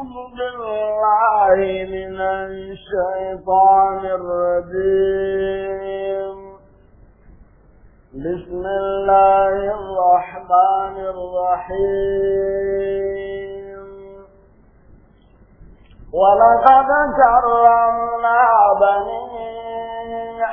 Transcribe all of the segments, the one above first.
أعوذ بالله من الشيطان الرجيم بسم الله الرحمن الرحيم ولقد كرمنا بني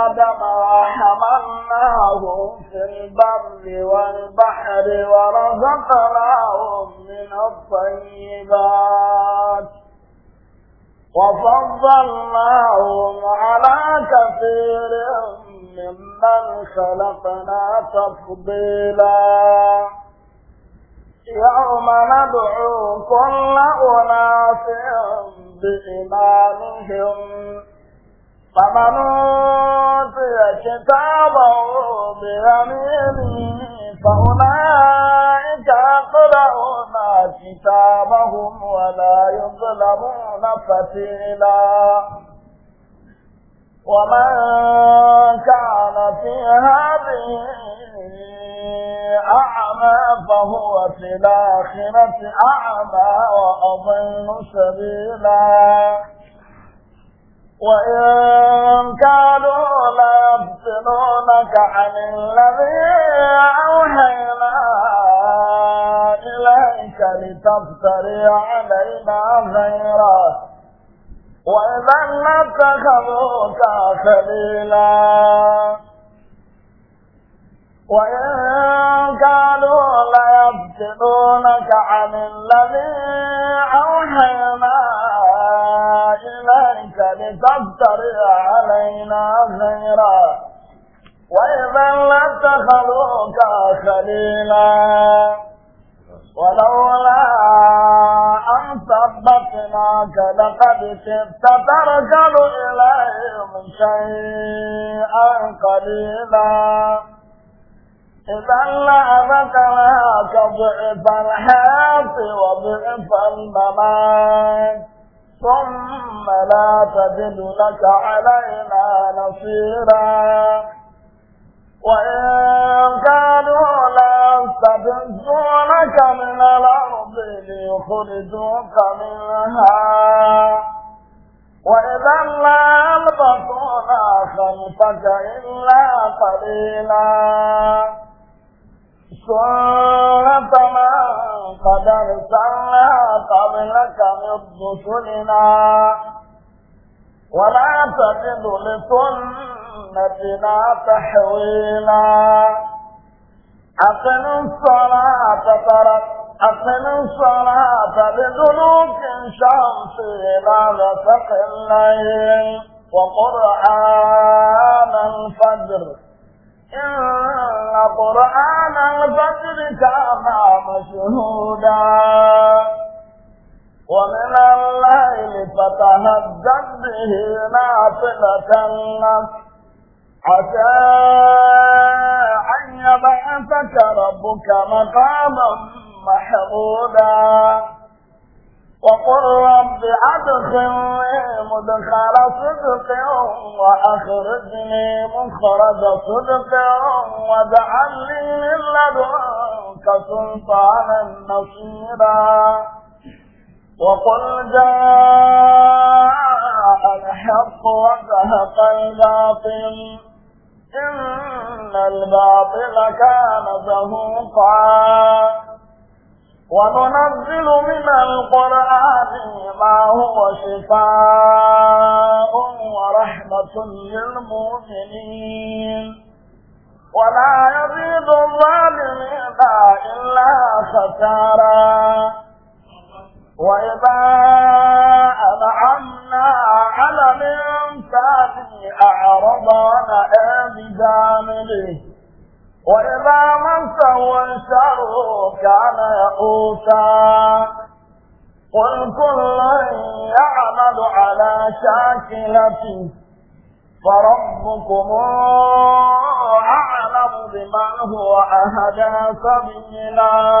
آدم وحملناهم في البر والبحر ورزقناهم من الطيبات وفضلناهم على كثير ممن خلقنا تفضيلا يوم ندعو كل أناس بإمامهم فمن أوتي كتابه بيمينه فأولئك يقرؤون كتابهم ولا يظلمون فتيلا ومن كان في هذه أعمى فهو في الآخرة أعمى وأضل سبيلا وإن كانوا ليفتنونك عن الذي أوحينا إليك لتفتري علينا غيرا وإذا لاتخذوك خليلا وإن كانوا ليفتنونك عن الذي أوحينا إليك لتفتري علينا غيرا وإذا لاتخذوك خليلا ولولا أن ثبتناك لقد كدت تركن إليهم شيئا قليلا إذا لأذقناك ضعف الحياة وضعف الممات ثم لا تجد لك علينا نصيرا وإن كانوا ليستفزونك من الأرض ليخرجوك منها وإذا لا يلبثون خلفك إلا قليلا سنة من قد أرسلنا قبلك من رسلنا ولا تجد لسنة سنتنا تحويلا أقم الصلاة ترك أقم الصلاة لدلوك الشمس إلى غسق الليل وقرآن الفجر إن قرآن الفجر كان مشهودا ومن الليل فتهدد به نافلة لك عسى أن يبعثك ربك مقاما محمودا وقل رب أدخلني مدخل صدق وأخرجني مخرج صدق واجعل لي من لدنك سلطانا نصيرا وقل جاء الحق وزهق الباطل إن الباطل كان زهوقا وننزل من القرآن ما هو شفاء ورحمة للمؤمنين ولا يزيد الظالمين إلا خسارا وإذا أنعمنا على الإنسان أعرض عن آذ جانبه وإذا مسه الشر كان يئوسا قل كل يعمل على شاكلته فربكم أعلم بمن هو أهدى سبيلا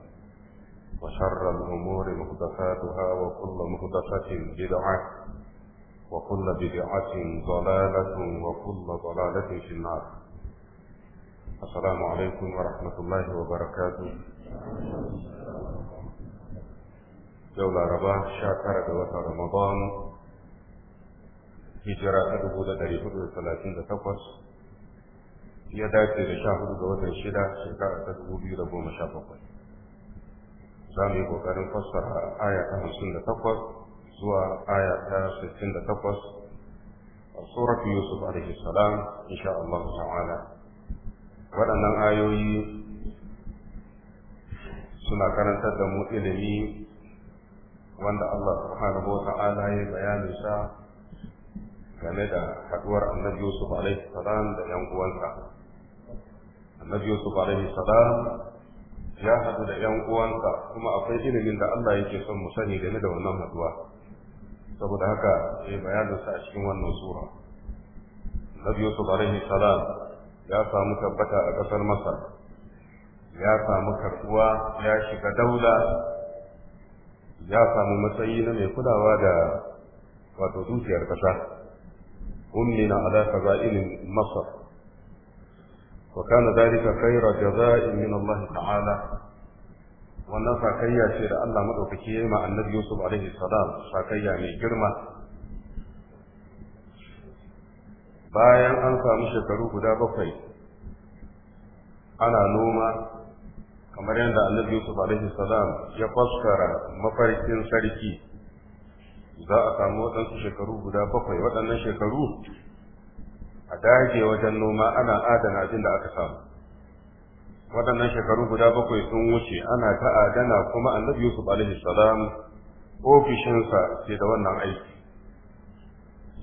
وشر الأمور مهدفاتها وكل مهدفة بدعة وكل بدعة ضلالة وكل ضلالة في النار السلام عليكم ورحمة الله وبركاته جولة رباه شاكرة دوات رمضان هجرة أدبو دا دريبو دا ya dace da sha hudu ga watan shida shekara za mu yi ƙoƙarin fassara aya ta hamsin da takwas zuwa aya ta sittin da takwas a suratu yusuf alaihi salam insha Allah ta'ala waɗannan ayoyi suna karantar da mu ilimi wanda Allah subhanahu wa ta'ala ya bayanin sa game da haduwar annabi Yusuf alaihi salam da yan uwansa annabi Yusuf alaihi salam ya haɗu da ‘yan uwansa kuma akwai ilimin da Allah yake son mu sani game da wannan haduwa saboda haka sai sa a cikin wannan sura Nabi Yusuf alaihi salam ya samu tabbata a ƙasar Masar ya samu karbuwa ya shiga daula ya samu matsayi na mai kulawa da wato dukiyar ƙasa ummina ala kaza'ilin Masar وكان ذلك خير جزاء من الله تعالى wannan sakayya ce da Allah madaukaki ya yi ma annabi Yusuf alaihi salam sakayya mai girma bayan an samu shekaru guda bakwai ana noma kamar yadda annabi Yusuf alaihi salam ya faskara mafarkin sarki za a samu waɗansu shekaru guda bakwai waɗannan shekaru a dage wajen noma ana adana abin da aka samu waɗannan shekaru guda bakwai sun wuce ana ta adana kuma annabi yusuf alaihi salam ofishinsa ke da wannan aiki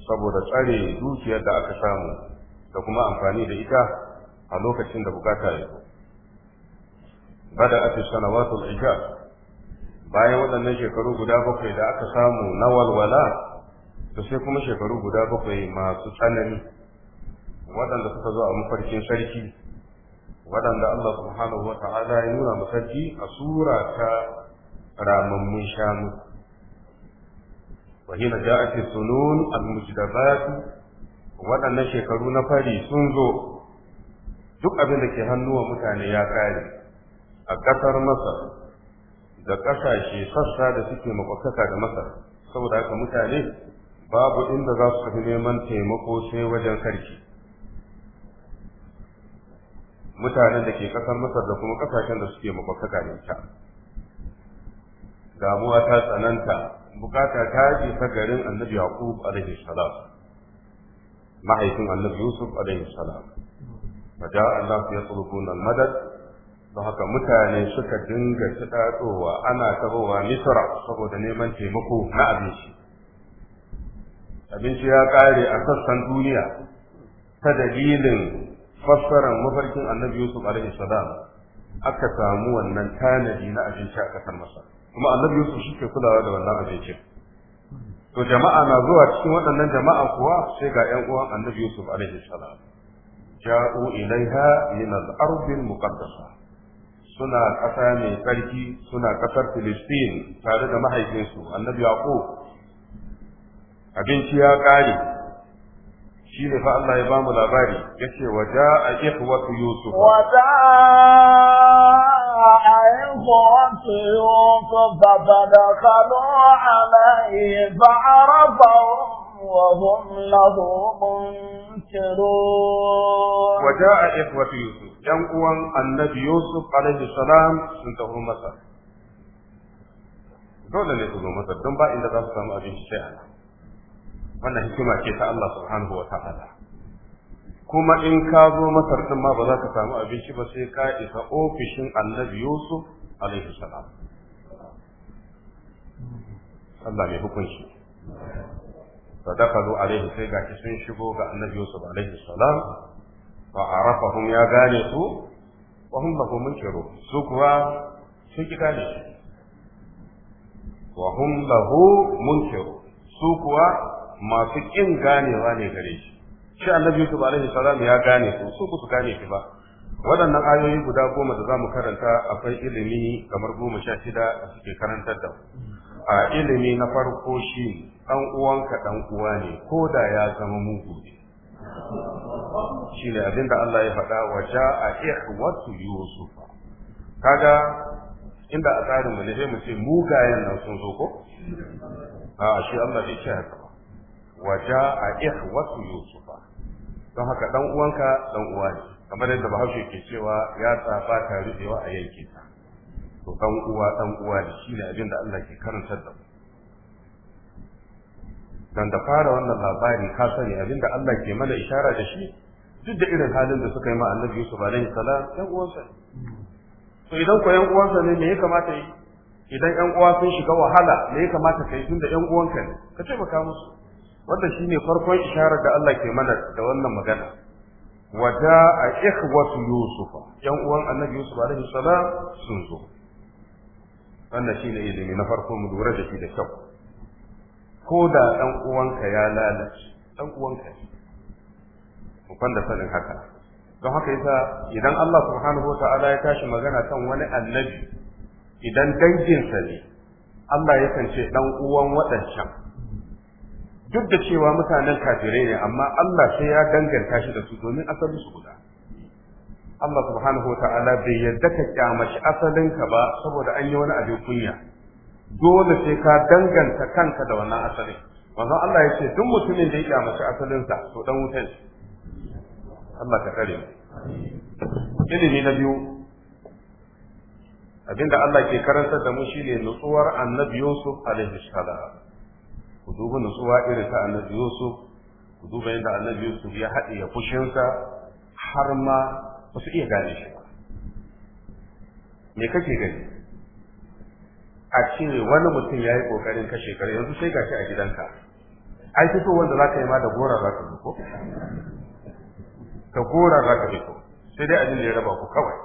saboda tsare dukiyar da aka samu da kuma amfani da ita a lokacin da bukata ya zo bada ake sanawatul ijab bayan waɗannan shekaru guda bakwai da aka samu na walwala to sai kuma shekaru guda bakwai masu tsanani waɗanda suka zo a mafarkin sarki waɗanda Allah subhanahu wa ta'ala ya nuna mu a sura ta ramammun shanu wahina ja'ati sunun al-mujdabat waɗannan shekaru na fari sun zo duk abin da ke wa mutane ya kare a ƙasar Masar da ƙasashe sassa da suke makwabtaka da Masar saboda haka mutane babu inda za su tafi neman taimako sai wajen sarki mutanen da ke ƙasar masar da kuma ƙasashen da suke makwabtaka da ita damuwa ta tsananta bukata ta ji ta garin annabi yaqub alaihi salam mahaifin annabi yusuf alaihi salam fada allah ya tsulubuna madad don haka mutane suka dinga kiɗaɗowa ana tabowa misra saboda neman taimako na abinci abinci ya ƙare a sassan duniya ta dalilin fassara mafarkin annabi yusuf alaihi salam aka samu wannan tanadi na abinci a kasar masar kuma annabi yusuf shi ke kulawa da wannan abinci. to jama'a na zuwa cikin waɗannan jama'a kuwa sai ga ƴan uwan annabi yusuf alaihi salam ja'u ilaiha min al-ardi muqaddasa suna ƙasa mai tsarki suna ƙasar filistin tare da mahaifinsu annabi yaqub abinci ya ƙare shi ne fa Allah ya ba mu labari ya yace wa jaa ikhwatu yusuf wa jaa ikhwatu yusuf fa dakhalu alayhi fa arafahu وهم له منكرون وجاء إخوة Yusuf, ‘yan uwan annabi Yusuf alaihi salam sun taho masa, dole ne su zo masa don ba inda za su samu abinci sai wannan hikima ce ta Allah subhanahu wa ta'ala kuma in ka zo masar din ma ba za ka samu abinci ba sai ka isa ofishin annabi yusuf alaihi salam Allah mai hukunci فدخلوا alaihi sai gashi sun shigo ga annabi Yusuf alaihi salam wa arafahum ya gane su wa hum lahu munkiru su kuwa sun ki gane shi? wa hum lahu munkiru su kuwa masu kin ganewa ne gare shi shi annabi yusuf alaihi salam ya gane su su kusa gane shi ba waɗannan ayoyi guda goma da zamu karanta akwai ilimi kamar goma sha shida da suke karantar da a ilimi na farko shi dan uwanka dan uwa ne ko da ya zama mugu ne shine abinda Allah ya faɗa wa ja'a ihwatu yusuf kaga inda a tsarin mu ne sai mu ce mugayen nan sun zo ko a shi Allah ya ce haka wa ja'a ikhwatu yusufa don haka dan uwanka dan uwa ne kamar yadda bahaushe ke cewa ya tsafa ta rubewa a yanke ta to dan uwa dan uwa ne shine abin da Allah ke karantar da mu dan da fara wannan labari ka sani abin da Allah ke mana isharar da shi duk da irin halin da suka yi ma Annabi Yusuf alaihi salam dan uwansa to idan ko yan uwansa ne me ya kamata yi idan yan uwa sun shiga wahala me ya kamata kai tunda yan uwanka ne ka taimaka musu wanda shine farkon isharar da Allah ke mana da wannan magana wada a ikhwatu yusuf yan uwan annabi yusuf alaihi salam sun zo wannan shine ilimi na farko mu lura da shi da kyau ko da dan uwanka ya lalace dan uwanka mu fanda sanin haka don haka yasa idan Allah subhanahu wataala ya tashi magana kan wani annabi idan danginsa ne Allah yakan ce dan uwan waɗancan duk da cewa mutanen kafirai ne amma Allah sai ya danganta shi da su domin asalin su guda Allah subhanahu wata'ala bai yarda ka kyamaci asalinka ba saboda an yi wani abin kunya dole sai ka danganta kanka da wannan asalin wanda Allah ya ce duk mutumin da ya kyamaci asalinsa to dan wutan Allah ka kare ilimi na biyu abinda Allah ke karantar da mu shine nutsuwar annabi Yusuf alaihi salam ku duba nutsuwa irin ta annabi Yusuf ku duba yadda annabi Yusuf ya haɗe ya fushinsa har ma ba su iya gane shi ba me kake gani a ce wani mutum ya yi ƙoƙarin kashe kare yanzu sai gashi a gidanka ai fito wanda za ka yi ma da gora za ka fito da gora za ka fito sai dai abin da ya raba ku kawai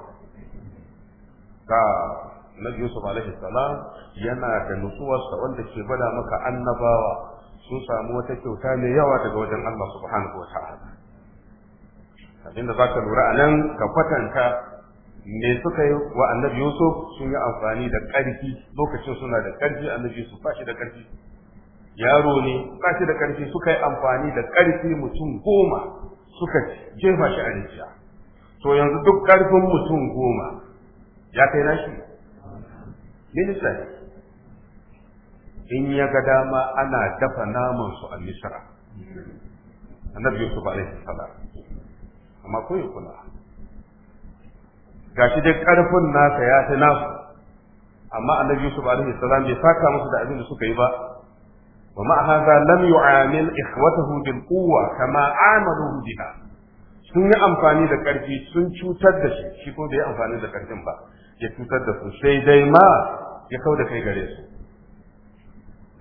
ga annabi yusuf alaihi salam yana da nutsuwarsa wanda ke gwada maka annabawa sun samu wata kyauta mai yawa daga wajen Allah subhanahu wa ta'ala za zaka lura anan ka kwatanta me suka yi wa annabi yusuf sun yi amfani da ƙarfi lokacin suna da ƙarfi annabi yusuf ba shi da ƙarfi. yaro ne ba shi da ƙarfi suka yi amfani da ƙarfi mutum goma suka jefa shi a rijiya to yanzu duk ƙarfin mutum goma ya kai nashi ministan in ya ga dama ana dafa naman su a misra annabi yusuf alaihi salam amma ko yi kula gashi dai karfin nasa ya ta nasu amma annabi yusuf alaihi salam bai saka musu da abin da suka yi ba Wa ومع lam yu'amil يعامل bil quwwa kama عاملوه بها sun yi amfani da ƙarfi sun cutar da shi shi ko bai amfani da ƙarfin ba ya cutar da su sai dai ma ya kau da kai gare su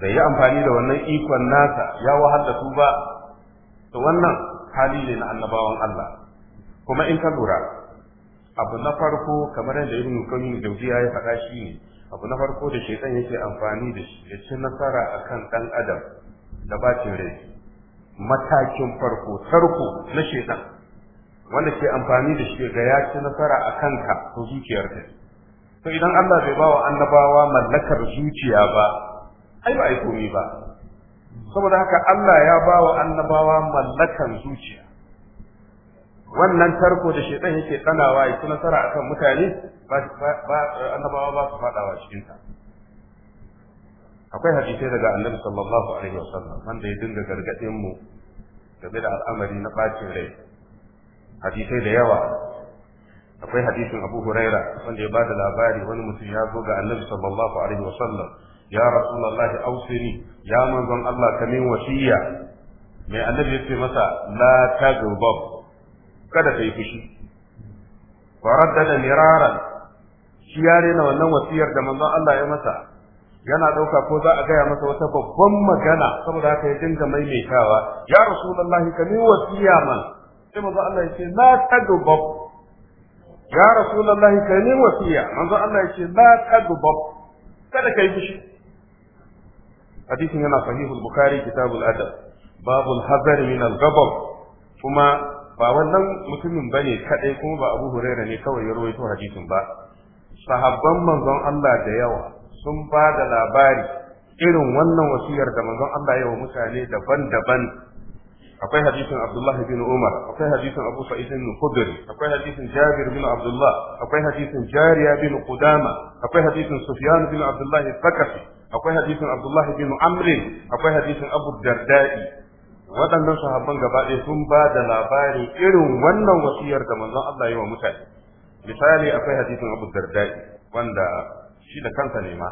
bai yi amfani da wannan ikon nasa ya wahal da su ba to wannan hali ne na annabawan Allah kuma in ka lura abu na farko kamar yadda ibn da jawziya ya faɗa shi ne abu na farko da shaytan yake amfani da shi ya ci nasara akan dan adam da bacin rai matakin farko tarko na shaytan wanda ke amfani da shi ga ya ci nasara akan ka to zuciyarka to idan Allah bai ba wa annabawa mallakar zuciya ba ai ba ai komai ba saboda haka Allah ya ba wa annabawa mallakar zuciya wannan tarko da shedan yake tsanawa ya kuma nasara akan mutane ba annabawa ba su fadawa cikin ta akwai hadisai daga annabi sallallahu alaihi wasallam wanda ya dinga gargadin mu game da al'amari na bacin rai hadisai da yawa akwai hadisin Abu Huraira wanda ya ba da labari wani mutum ya zo ga Annabi sallallahu alaihi wasallam ya Rasulullahi ausini ya manzon Allah ka min wasiya mai Annabi ya ce masa la taghdab kada kai fushi wa raddada miraran shi ya rena wannan wasiyar da manzon Allah ya masa yana ɗauka ko za a gaya masa wata babban magana saboda haka ya dinga maimaitawa ya Rasulullahi min wasiya man sai manzon Allah ya ce la taghdab ya rasulullahi kai ne wasiya manzo Allah yace la taghdab kada kai fushi hadisin yana sahihul bukhari kitabul adab babul hazar min al-ghadab kuma ba wannan mutumin bane kadai kuma ba Abu Hurairah ne kawai ya rawaito hadisin ba sahabban manzon Allah da yawa sun ba da labari irin wannan wasiyar da manzon Allah ya wa mutane daban-daban akwai hadisin Abdullah bin Umar akwai hadisin Abu Sa'id bin Khudri akwai hadisin Jabir bin Abdullah akwai hadisin Jariya bin Qudama akwai hadisin Sufyan bin Abdullah Thaqafi akwai hadisin Abdullah bin Amr akwai hadisin Abu Darda'i waɗannan sahabban gaba ɗaya sun ba da labari irin wannan wasiyar da manzon Allah ya wa mutane misali akwai hadisin Abu Darda'i wanda shi da kansa ne ma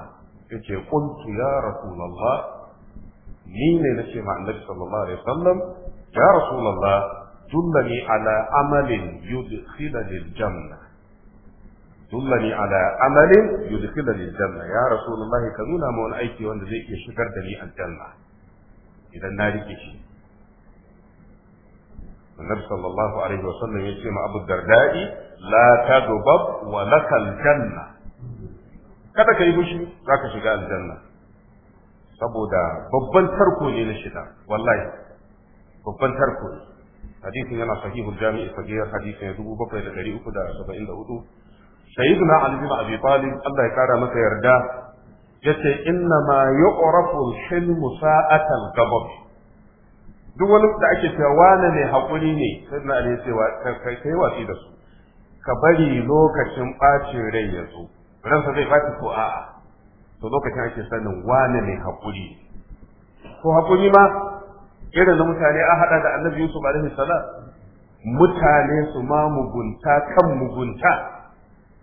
yace qultu ya rasulullah ni ne nace ma annabi sallallahu alaihi wasallam ya rasulullah dullani ala amalin yudkhilani aljanna dullani ya rasulullah ka nuna ma wani aiki wanda zai iya shigar da ni aljanna idan na rikici. shi annabi sallallahu alaihi wasallam ya ce ma abu dardai la tadubab wa lakal janna kada ka yi fushi za ka shiga aljanna saboda babban tarko ne na shida wallahi babban tarko ne hadisin yana sahihul jami'i sahihar hadisin ya dubu bakwai da ɗari uku da saba'in da hudu na ali bin abi talib Allah ya kara masa yarda Ya in inna ma yu'rafu al-hilmu sa'atan ghadab duk wani da ake cewa wane ne hakuri ne sai ali ne ce kai kai wasi da su ka bari lokacin bacin rai ya zo ransa zai faci ko a'a to lokacin ake sanin wane ne hakuri ko hakuri ma irin na mutane a haɗa da annabi yusuf alaihi salam mutane su ma mugunta kan mugunta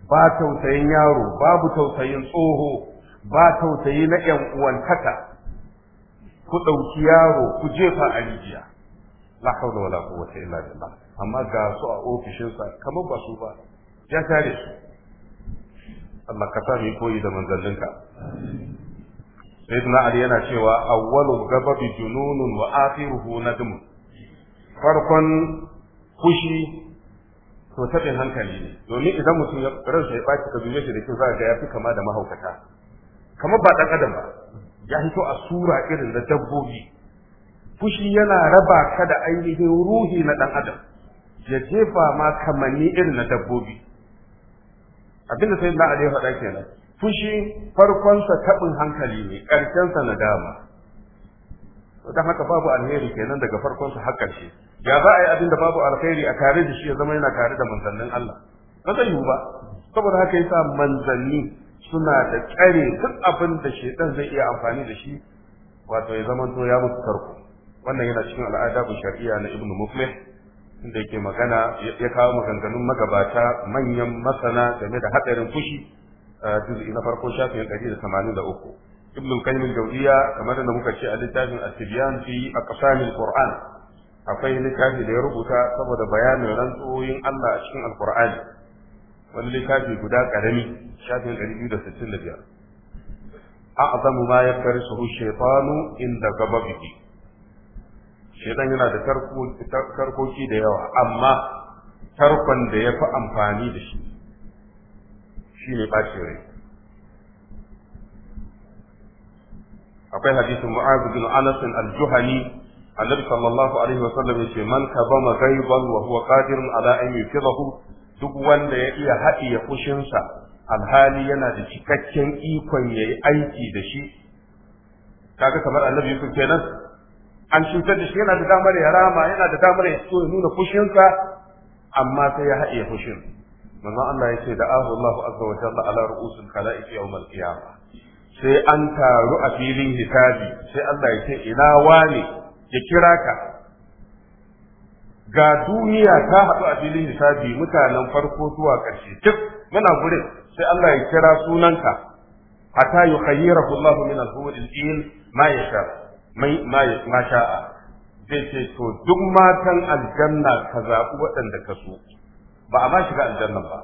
ba tausayin yaro babu tausayin tsoho ba tausayi na yan uwantaka ku ɗauki yaro ku jefa a rijiya la haula wala quwwata illa billah amma ga su a ofishin sa kamar ba su ba ya tare su Allah ka sa mu koyi da manzaninka. sayyidina علي yana cewa awwalu gababi jununun wa akhiruhu nadm farkon fushi to tabin hankali ne domin idan mutum ya ransa ya baci ka duniya da kyau za ga yafi kama da mahaukata kamar ba dan adam ba ya hito a sura irin na dabbobi fushi yana raba ka da ainihin ruhi na dan adam ya jefa ma kamanni irin na dabbobi abinda sai da ya faɗa kenan fushi farkonsa taɓin hankali ne na nadama dan haka babu alheri kenan daga farkonsa har ƙarshe ya za a yi abin da babu alheri a tare da shi ya zama yana kare da manzannin Allah ba zai yi ba saboda haka yasa manzanni suna da tsare duk abin da shedan zai iya amfani da shi wato ya zama to ya musu tarko wannan yana cikin al'ada bu shar'iyya na ibnu muflih inda yake magana ya kawo maganganun magabata manyan masana game da hadarin fushi juz'i na farko shafin 183 ibn al-qayyim al-jawziyya kamar da muka ce a littafin at-tibyan fi quran akwai littafi da ya rubuta saboda bayanin rantsoyin Allah a cikin al-qur'ani wani littafi guda karami shafin 265 a'zamu ma yakarisuhu shaytanu inda gababihi shaytan yana da tarkoki da yawa amma tarkon da ya fi amfani da shi ne bacin rai akwai hadisin mu'az bin anas al-juhani annabi sallallahu alaihi wa sallam yace man kabama ghaiban wa huwa qadir ala an yufidahu duk wanda ya iya haɗiye fushinsa alhali yana da cikakken ikon yayi aiki da shi kaga kamar annabi yusuf kenan an cutar da shi yana da damar ya rama yana da damar ya so ya nuna fushinsa amma sai ya haɗiye fushin manzon Allah ce da ahu Allah azza wa jalla ala ru'usul khalaiqi yawm al-qiyamah sai an taru a filin hisabi sai Allah ce ina wane ya kira ka ga duniya ta hadu a filin hisabi mutanen farko zuwa ƙarshe duk muna gurin sai Allah ya kira sunanka hatta yukhayyirahu Allah min al-hur al-in ma yasha ma sha'a zai ce to duk matan aljanna ka zaɓi waɗanda ka so ba a ma shiga aljannan ba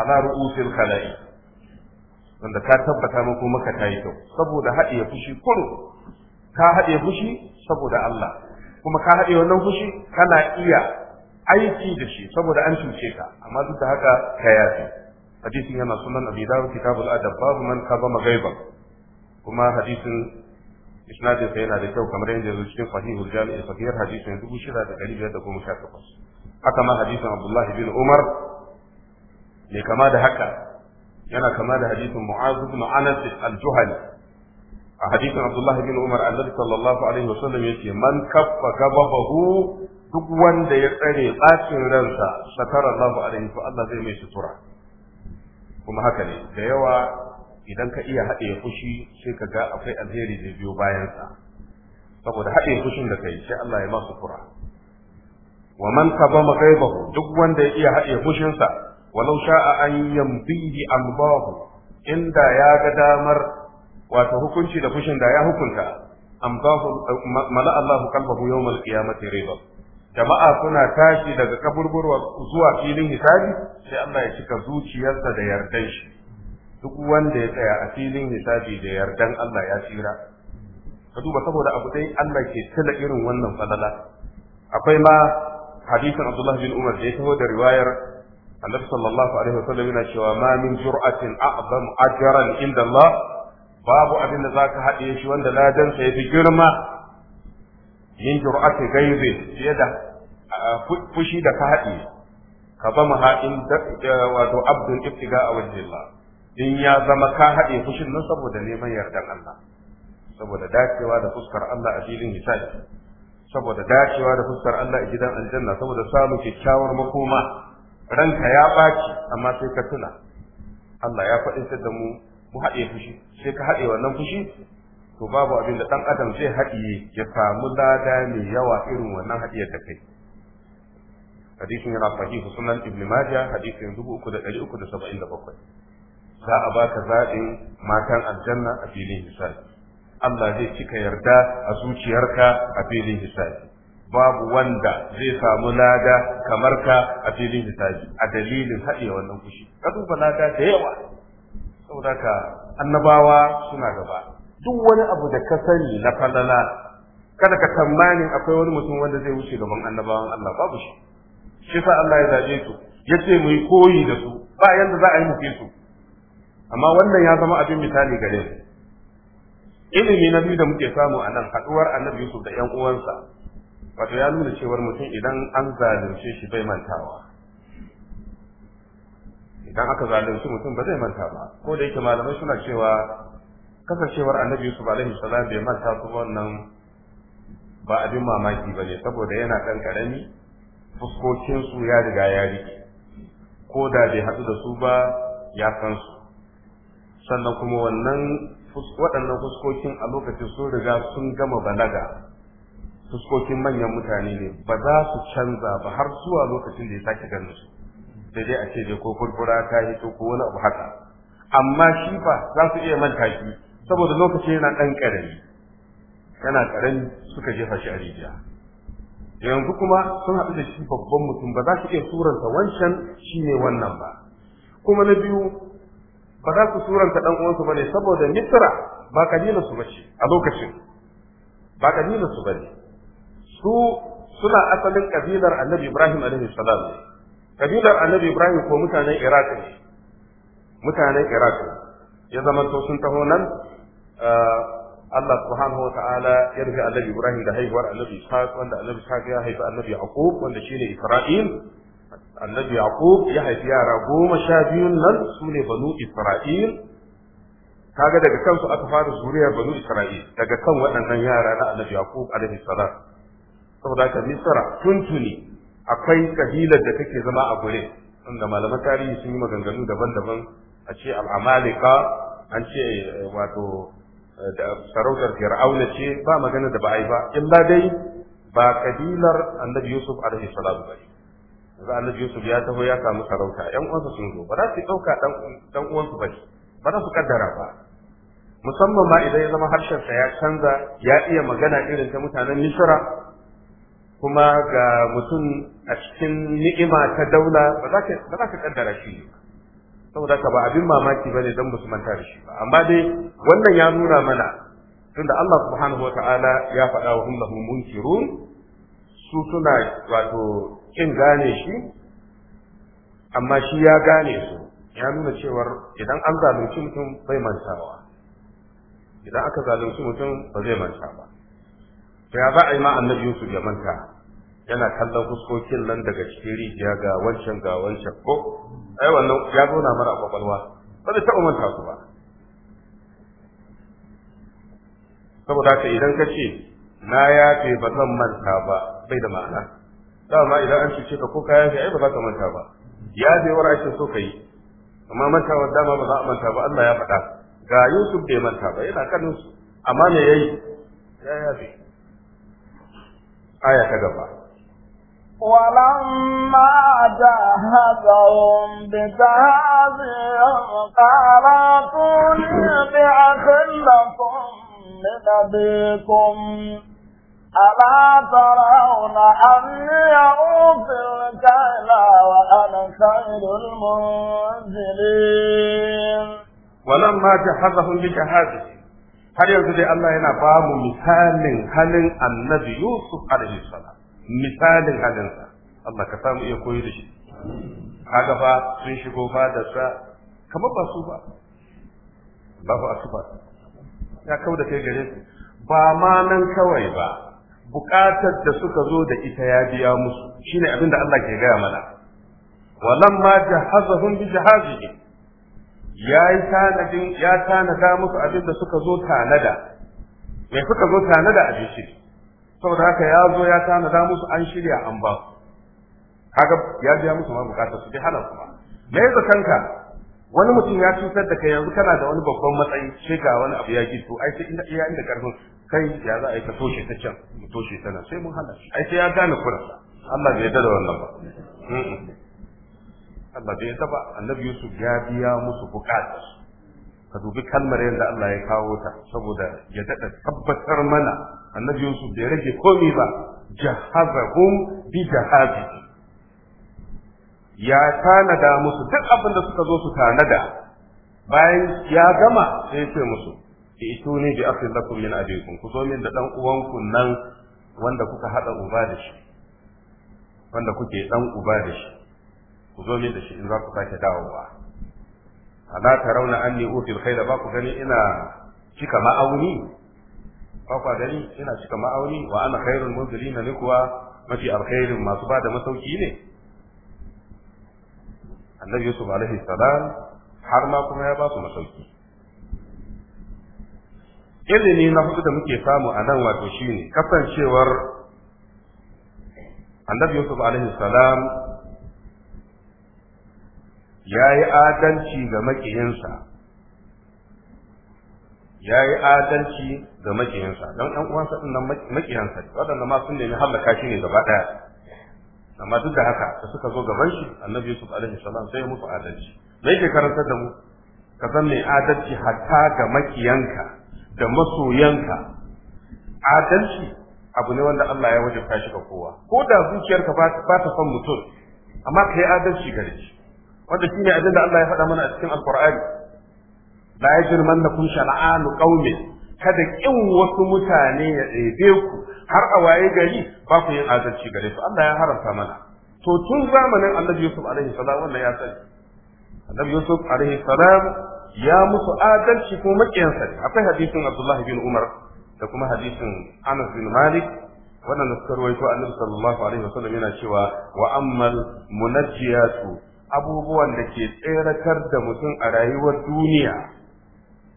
ala ru'usil khala'i wanda ka tabbata ma ko maka tayi kyau saboda haɗiye fushi kuro ka haɗe fushi saboda Allah kuma ka haɗe wannan fushi kana iya aiki da shi saboda an cuce ka amma duk da haka ka yafi hadisin yana sunan abi dawud kitabul adab babu man kazama ghaiba kuma hadisin isnadin sa yana da kyau kamar yadda yanzu cikin sahihul jami'i sahihar hadisin 6518 haka ma hadisin abdullahi bin umar mai kama da haka yana kama da hadisin mu'az ibn anas al-juhani a hadisin abdullahi bin umar annabi sallallahu alaihi wasallam yace man kaffa gababahu duk wanda ya tsare bacin ransa satara Allahu alaihi fa Allah zai mai sutura kuma haka ne da yawa idan ka iya haɗe fushi sai ka ga akwai alheri da biyo bayansa saboda haɗe fushin da kai sai Allah ya ma sutura wa man kabama ghaibahu duk wanda ya iya haɗe fushinsa walau sha'a an yamdihi amdahu inda ya ga damar wato hukunci da fushin da ya hukunta amdahu mala Allahu qalbahu yawmal qiyamati riba jama'a suna tashi daga kaburburwa zuwa filin hisabi sai Allah ya cika zuciyarsa da yardan shi duk wanda ya tsaya a filin hisabi da yardan Allah ya tsira ka duba saboda abu dai Allah ke tila irin wannan falala akwai ma hadisin Abdullah bin Umar da ya taho da riwayar Annabi sallallahu alaihi wasallam yana cewa ma min jur'atin a'zamu ajran inda Allah babu abin da zaka haɗe shi wanda ladan sa yafi girma min jur'ati gaibi fiye da ah, fushi da ka haɗe ka zama ha in eh, wato abdul ibtiga a wajhillah in ya zama ka haɗe fushin nan saboda neman yardan Allah saboda dacewa da fuskar Allah a filin hisabi saboda dacewa da fuskar Allah a gidan aljanna saboda samun kyakkyawar makoma ranka ya ɓaci amma sai ka tuna Allah ya faɗin da mu mu haɗe fushi sai ka haɗe wannan fushi to babu abin da ɗan adam zai haɗiye ya samu lada mai yawa irin wannan haɗiyar da kai hadisin yana sahihu sunan ibn majah hadisin bakwai. za a baka zaɓin matan aljanna a filin misali Allah zai cika yarda a zuciyarka a filin hisabi babu wanda zai samu lada kamar ka a filin hisabi a dalilin haɗe wannan fushi ka duba lada da yawa saboda ka annabawa suna gaba duk wani abu da ka sani na falala kada ka tsammanin akwai wani mutum wanda zai wuce gaban annabawan Allah babu shi shi sa Allah ya zabe su ya ce mu yi koyi da su ba yanda za a yi mu fi su amma wannan ya zama abin misali gare mu ilimi na biyu da muke samu a nan haɗuwar annabi Yusuf da ƴan uwansa wato ya nuna cewar mutum idan an zalunce shi bai mantawa idan aka zalunci mutum ba zai manta ba ko da yake malamai suna cewa kasancewar annabi Yusuf alaihi salam bai manta su wannan ba abin mamaki ba ne saboda yana ɗan ƙarami fuskokinsu ya riga ya riƙe ko da bai haɗu da su ba ya san su sannan kuma wannan waɗannan fuskokin a lokacin sun riga sun gama balaga fuskokin manyan mutane ne ba za su canza ba har zuwa lokacin da ya sake ganin su Da dai a ce dai ko furfura ta yi to ko wani abu haka amma shi fa za su iya manta shi saboda lokaci yana ɗan ƙarami yana ƙarami suka jefa shi a rijiya yanzu kuma sun haɗu da shi babban mutum ba za su iya suranta wancan shi ne wannan ba kuma na biyu ba za ku suranta dan uwansu bane saboda misra ba kabila su bace a lokacin ba kabila su bane su suna asalin kabilar annabi ibrahim alaihi salam kabilar annabi ibrahim ko mutanen iraq ne mutanen iraq ya zamanto sun taho nan eh, Allah subhanahu wa ta'ala ya rufe annabi Ibrahim da haihuwar annabi Ishaq wanda annabi Ishaq ya haifi annabi Yaqub wanda shine Isra'il annabi yaqub ya haifi yara goma sha biyun nan su ne banu isra'il kaga daga kansu aka fara zuriyar banu isra'il daga kan waɗannan yara na annabi yaqub alaihi salam saboda ka misra tuntuni akwai kabilar da take zama a gure inda malaman tarihi sun yi maganganu daban-daban a ce al'amalika an ce eh, wato eh, da sarautar fir'auna ce ba magana da ba yi ba illa dai ba kabilar annabi yusuf alaihi salam ba ne yanzu annabi Yusuf ya taho ya samu sarauta 'yan uwansa sun zo ba za su ɗauka ɗan uwansu ba ba za su kaddara ba musamman ma idan ya zama harshensa ya canza ya iya magana irin ta mutanen Misra kuma ga mutum a cikin ni'ima ta daula ba za ka kaddara shi saboda ka ba abin mamaki bane dan ba su manta da shi ba amma dai wannan ya nuna mana tunda Allah subhanahu wataala ya faɗa wa hum lahu munkirun su suna wato kin gane shi amma shi ya gane su ya nuna cewar idan an zalunci mutum bai mantawa idan aka zalunci mutum ba zai manta ba to ya ba a yi ma annabi Yusuf ya manta yana kallon fuskokin nan daga cikin rijiya ga wancan ga wancan ko ai wannan ya zauna mara a kwakwalwa ba zai taɓa manta su ba saboda haka idan ka ce na yafe ba zan manta ba bai da ma'ana dama idan an cuce ka ko ka yafe ai ba za ka manta ba ya je wa rashin so ka yi amma wa dama ba za a manta ba Allah ya faɗa ga Yusuf bai manta ba yana kanin su amma me yayi ya yafe aya ta gaba ولما جهزهم بجهازهم قال لكم من ألا ترون أني أوفي الكيل وأنا خير المنزلين ولما جهزهم بجهازه har yanzu dai Allah yana ba mu misalin halin annabi Yusuf alaihi salam misalin halinsa Allah ka samu iya koyi da shi kaga fa sun shigo sa, kamar ba su ba ba su ba. ya kauda kai gare su ba ma nan kawai ba buƙatar da suka zo da ita ya biya musu shine abin da Allah ke gaya mana ma jahazahum bi jahazihi ya yi tanadin ya tanada musu abin da suka zo tanada me suka zo tanada abinci saboda haka ya zo ya tanada musu an shirya an ba kaga ya biya musu ma buƙatar su bi halal kuma me yasa kanka wani mutum ya cutar da kai yanzu kana da wani babban matsayi sai ga wani abu ya gito ai sai inda iya inda karfin kai ya za a yi ka toshe ta can mu toshe ta sai mun hana shi ai sai ya gane kurarsa Allah bai yarda da wannan ba Allah bai yarda ba annabi Yusuf ya biya musu bukata ka dubi kalmar yadda Allah ya kawo ta saboda ya daɗa tabbatar mana annabi Yusuf bai rage komai ba jahazahum bi jahazi ya tanada musu duk abin da suka zo su tanada bayan ya gama sai ya ce musu ituni bi akhir lakum min abikum ku zo min da dan uwanku nan wanda kuka hada uba da shi wanda kuke dan uba da shi ku zo min da shi in za ku sake dawowa ala tarawna anni uti alkhayra ba ku gani ina cika ma'auni ba ku gani ina cika ma'auni wa ana khairul munzilina ne kuwa mafi alkhairin masu bada masauki ne annabi yusuf alaihi salam har ma kuma ya ba su masauki ilimi na hudu da muke samu a nan wato shine kasancewar annabi yusuf alaihi salam ya yi adalci ga makiyinsa ya yi adalci ga makiyinsa don ɗan uwansa ɗin nan ne waɗanda ma sun nemi hallaka shi ne gaba ɗaya amma duk da haka da suka zo gaban shi annabi yusuf alaihi salam sai ya musu adalci me yake karantar da mu ka san mai adalci hatta ga makiyanka. da masoyanka adalci abu ne wanda Allah ya wajen shi ga kowa ko da zuciyarka ba ta son mutum amma ka yi adalci gare shi wanda shine abin da Allah ya faɗa mana a cikin alqur'ani la yajrimannakum shana'anu qaumin kada kin wasu mutane ya ɗebe ku har a waye gari ba ku yin adalci gare su Allah ya haramta mana to tun zamanin Annabi Yusuf alaihi salam wannan ya sani Annabi Yusuf alaihi salam ya musu adalci ko makiyansa akwai hadisin Abdullah bin Umar da kuma hadisin Anas bin Malik waɗanda suka ko Annabi sallallahu alaihi wasallam yana cewa wa ammal munajjiyatu abubuwan da ke tseratar da mutum a rayuwar duniya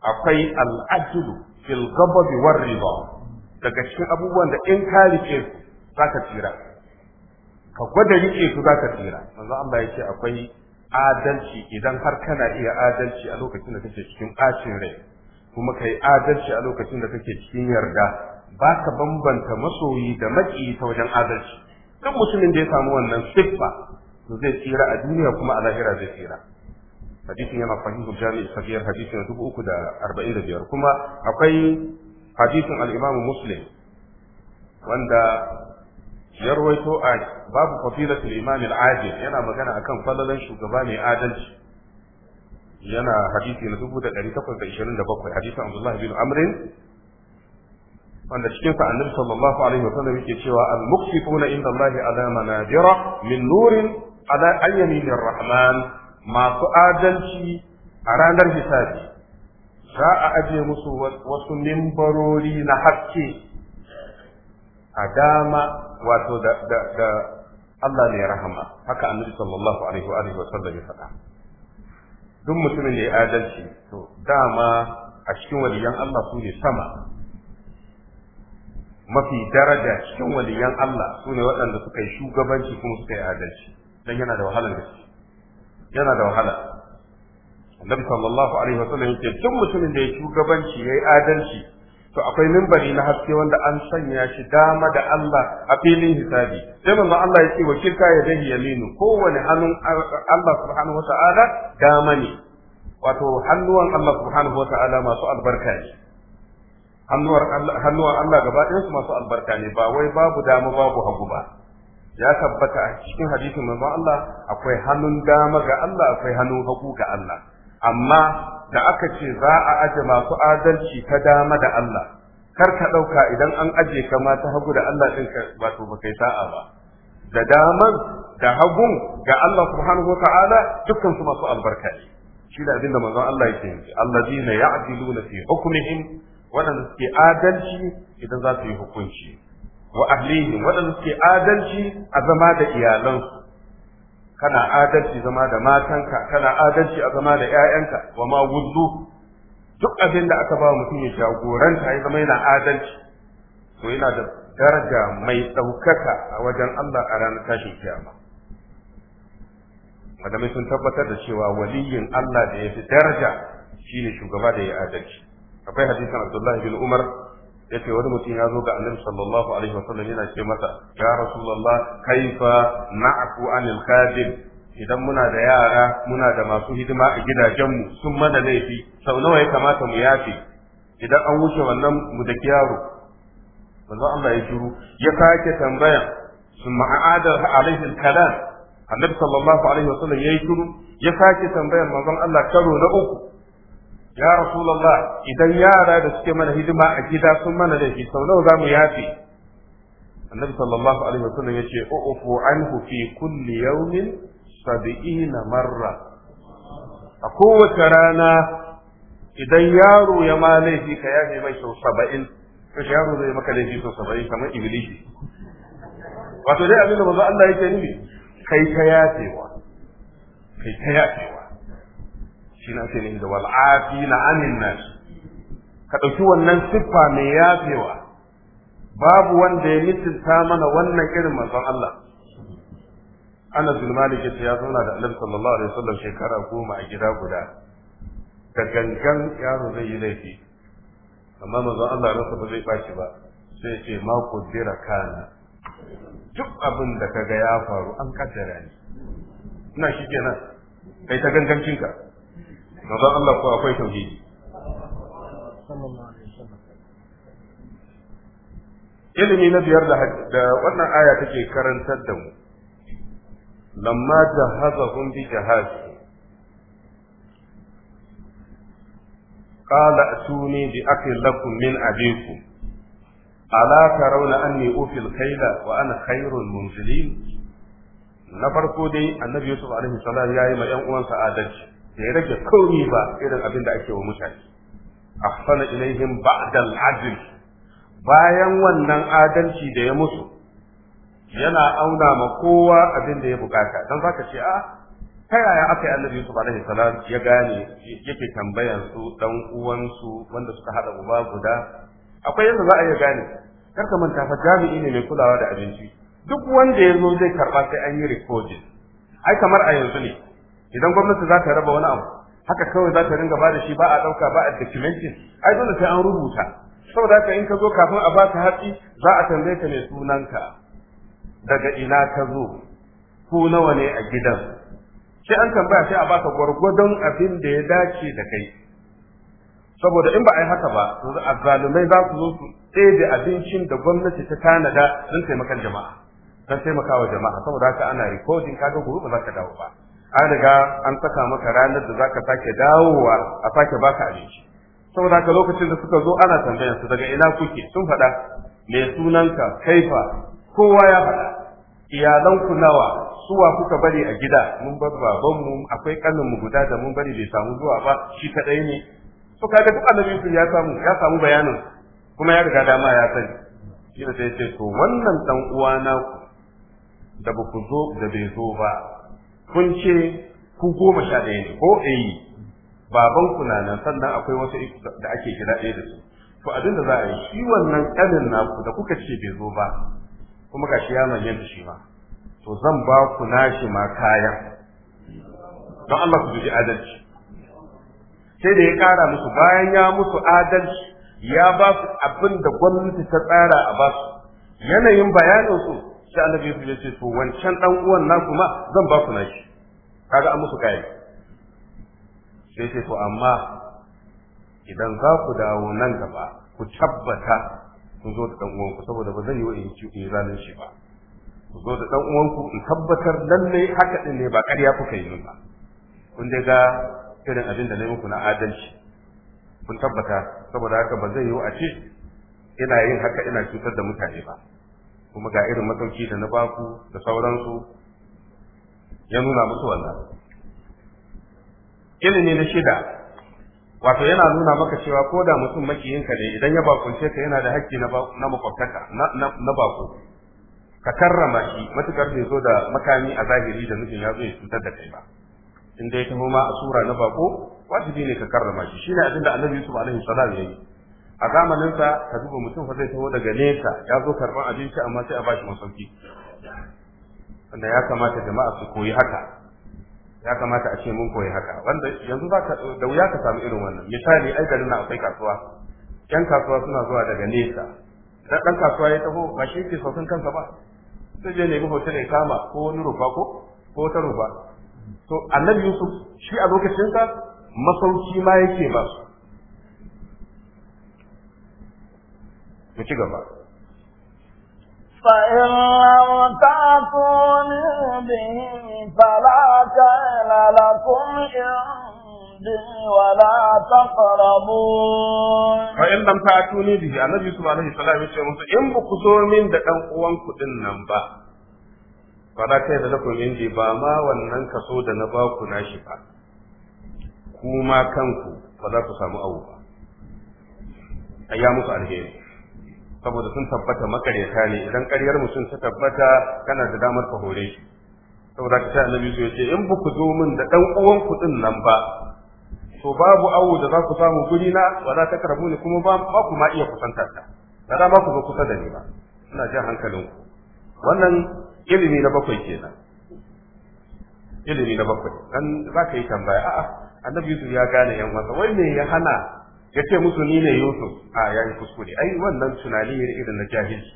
akwai al'ajlu fil ghadabi war riba daga cikin abubuwan da in ka rike zaka tsira ka gwada rike su zaka tsira manzo Allah yake akwai adalci idan har kana iya adalci a lokacin da kake cikin ɓacin rai kuma kai adalci a lokacin da kake cikin yarda ba ka bambanta masoyi da maki ta wajen adalci duk mutumin da ya samu wannan siffa to zai tsira a duniya kuma a lahira zai tsira hadisin yana fahimtar jami'i safiyar hadisin dubu uku da arba'in da biyar kuma akwai hadisin al'imamu muslim wanda ya rawaito a babu fadilatul imam al-adil yana magana akan fadalan shugaba mai adalci yana hadisi na 1827 Hadisi Abdullah bin Amr wanda cikin sa annabi sallallahu alaihi wa sallam yake cewa al-muqsituna inda Allah ala manabira min nurin ala ayyamin rahman masu adalci a ranar hisabi za a aje musu wasu mimbarori na haske a dama wato da da Allah ne ya rahama haka annabi sallallahu alaihi wa alihi wa sallam ya faɗa duk mutumin da ya adalci to dama a cikin waliyan Allah su ne sama mafi daraja cikin waliyan Allah su ne waɗanda suka yi shugabanci kuma suka yi adalci dan yana da wahalar shi yana da wahala annabi sallallahu alaihi wa sallam yake duk mutumin da ya shugabanci yayi adalci to akwai mimbari na haske wanda an sanya shi dama da Allah a filin hisabi sai manzo Allah ya ce wa kirka ya dahi yaminu kowane hannun Allah subhanahu wata'ala dama ne wato hannuwan Allah subhanahu wata'ala masu albarka ne hannuwan Allah gaba su masu albarka ne ba wai babu dama babu hagu ba ya tabbata a cikin hadisin manzo Allah akwai hannun dama ga Allah akwai hannun hagu ga Allah amma da aka ce za a aje masu adalci ta dama da Allah kar ka ɗauka idan an aje ka ma ta hagu da Allah ɗin ka wato ba kai sa'a ba da daman da hagun ga Allah subhanahu wa ta'ala dukkan su masu albarka ne shi da abinda manzon Allah yake yi allazina ya'diluna fi hukmihim waɗanda suke adalci idan za su yi hukunci wa ahlihim waɗanda suke adalci a zama da iyalansu kana adalci zama da matanka kana adalci a zama da ƴaƴanka wa ma wuzu duk abin da aka ba mutum ya jagoranta ya zama yana adalci to yana da daraja mai ɗaukaka a wajen Allah a ranar tashin kiyama malamai sun tabbatar da cewa waliyin Allah da ya fi daraja shine shugaba da ya adalci akwai hadisin Abdullahi bin Umar yace wani mutum ya zo ga annabi sallallahu alaihi wa sallam yana ce masa ya rasulullah kaifa na'fu anil khadim idan muna da yara muna da masu hidima a gidajenmu sun mana laifi sau nawa ya kamata mu yafe idan an wuce wannan mu da yaro manzo Allah ya shiru ya sake tambaya sun ma'adar alaihi kalam annabi sallallahu alaihi wa wasallam yayi shiru ya sake tambayar manzon Allah karo na uku ya rasulullah idan yara da suke mana hidima a gida sun mana da shi sau nawa zamu yafe annabi sallallahu alaihi wasallam yace ufu anhu fi kulli yawmin sab'ina marra a kowace rana idan yaro ya ma laifi ka yafe mai sau saba'in to yaro zai maka laifi sau saba'in kamar iblisi wato dai abinda da manzo Allah yake nufi kai ta yafewa kai ta yafewa shi na ce ne da wal'afi na anin nas ka ɗauki wannan siffa mai yafewa babu wanda ya mitinta mana wannan irin manzon Allah Anas bin Malik ya zauna da Annabi sallallahu alaihi wasallam shekara goma a gida guda da gangan yaro zai yi laifi amma manzon Allah ya ba zai baci ba sai ce ma kudira kana duk abin da kaga ya faru an kaddara ne ina shi kenan kai ta gangancinka manzon Allah ko akwai tauhidi ilimi na biyar da wannan aya take karantar da mu lamma jahazahum bi jahazi قال اتوني بأكل لكم من أبيكم ألا ترون أني أوفي wa ana خير المنزلين na farko dai annabi yusuf alaihi salam yayi ma yan uwansa adalci bai rage kauni ba irin abin da ake wa mutane ahsana ilaihim ba'dal adl bayan wannan adalci da ya musu yana auna ma kowa abin da ya bukata dan zaka ce a ah, ta yaya aka yi annabi yusuf alaihi salam ya gane yake tambayan su dan uwansu wanda suka hada uba guda akwai yadda za a iya gane kar ka manta fa jami'i ne mai kulawa da abinci duk wanda ya zo zai karba sai an yi recording ai kamar a yanzu ne idan gwamnati za ta raba wani abu haka kawai za ta ringa ba da shi ba a ɗauka ba a documentin ai dole sai an rubuta saboda haka in ka zo kafin a baka hatsi za a tambaye ka ne sunanka daga ina ka zo ku nawa ne a gidan sai an tambaya sai a baka gwargwadon abin da ya dace da kai saboda in ba a yi haka ba yanzu azzalumai za su zo su tsaye abincin da gwamnati ta tanada don taimakan jama'a don taimakawa jama'a saboda haka ana rikodin kaga gobe ba za ka dawo ba an riga an saka maka ranar da zaka sake dawowa a sake baka abinci saboda haka lokacin da suka zo ana tambayan su daga ina kuke sun faɗa me sunanka kaifa kowa ya faɗa iyalanku nawa suwa kuka bari a gida mun bar babanmu akwai mu guda da mun bari bai samu zuwa ba shi kadai ne to kaga duk annabi ya samu ya samu bayanin kuma ya riga dama ya sani shi da sai ce to wannan dan uwana ku da ba ku zo da bai zo ba kun ce ku goma sha ɗaya ne ko yi eh. baban ku na nan sannan akwai wasu da ake kira ɗaya da su to abin da za a yi shi wannan ƙanin naku da kuka ce bai zo ba kuma shi ya manyanta shi ma to zan ba ku nashi ma kayan don Allah ku ji adalci sai da ya ƙara musu bayan ya musu adalci ya ba su abin da gwamnati ta tsara a ba su yanayin bayanin su sai annabi Yusuf ya ce to wancan dan uwan na kuma zan ba ku nashi kaga an musu kai sai ce to amma idan za ku dawo nan gaba ku tabbata ku zo da dan ku saboda ba zan yi wa in ci ku ba ku zo da dan ku in tabbatar lalle haka din ne ba ƙarya kuka yi min ba kun dai ga irin abin da na yi muku na adalci kun tabbata saboda haka ba zai yi a ce ina yin haka ina cutar da mutane ba kuma ga irin matsauki da na baku da sauransu ya nuna musu wannan ilimi na shida wato yana nuna maka cewa ko da mutum makiyinka ne idan ya bakunce ka yana da hakki na makwabtaka na bako ka karrama shi matukar bai zo da makami a zahiri da nufin ya zo ya cutar da kai ba in dai taho ma a sura na bako wajibi ne ka karrama shi shine abin da annabi yusuf alaihi salam yi a zamaninsa ka duba mutum fa zai taho daga nesa ya zo karban abinci amma sai a bashi masauki wanda ya kamata jama'a su koyi haka ya kamata a ce mun koyi haka wanda yanzu za ka da wuya ka samu irin wannan misali ai garin na akwai kasuwa yan kasuwa suna zuwa daga nesa dan dan kasuwa ya taho ba shi yake saukan kansa ba sai je nemi hotel ya kama ko wani rufa ko ko ta rufa to annabi yusuf shi a lokacin sa masauki ma yake ba su mu ci gamba. Fa ina mutanen biye talata na da ƙungiyar da wata ta fara buɗe. Kowa irin lantarku ne da shi a na ji su ba na shi ta labe In ba ku zomin da ɗan'uwanku ɗin nan ba, ba da na ba, ma wannan ka da na baku nashi ba, kuma kanku ku za ku samu awu ba. Aya musu al'umma. saboda sun tabbata makareta ne idan ƙaryar mutum ta tabbata kana da damar ka hore shi saboda ka sai annabi ya ce in ba ku zo min da ɗan uwan din nan ba to babu awo da za ku samu guri na za ta karbu ni kuma ba ku ma iya kusanta ta ba za ba ku zo kusa da ni ba ina jan hankalin ku wannan ilimi na bakwai kenan ilimi na bakwai dan za ka yi tambaya a'a annabi su ya gane yan wasa wai me ya hana Yace ce musu ni ne yusuf a ya kuskure ai wannan tunani ne irin na jahilci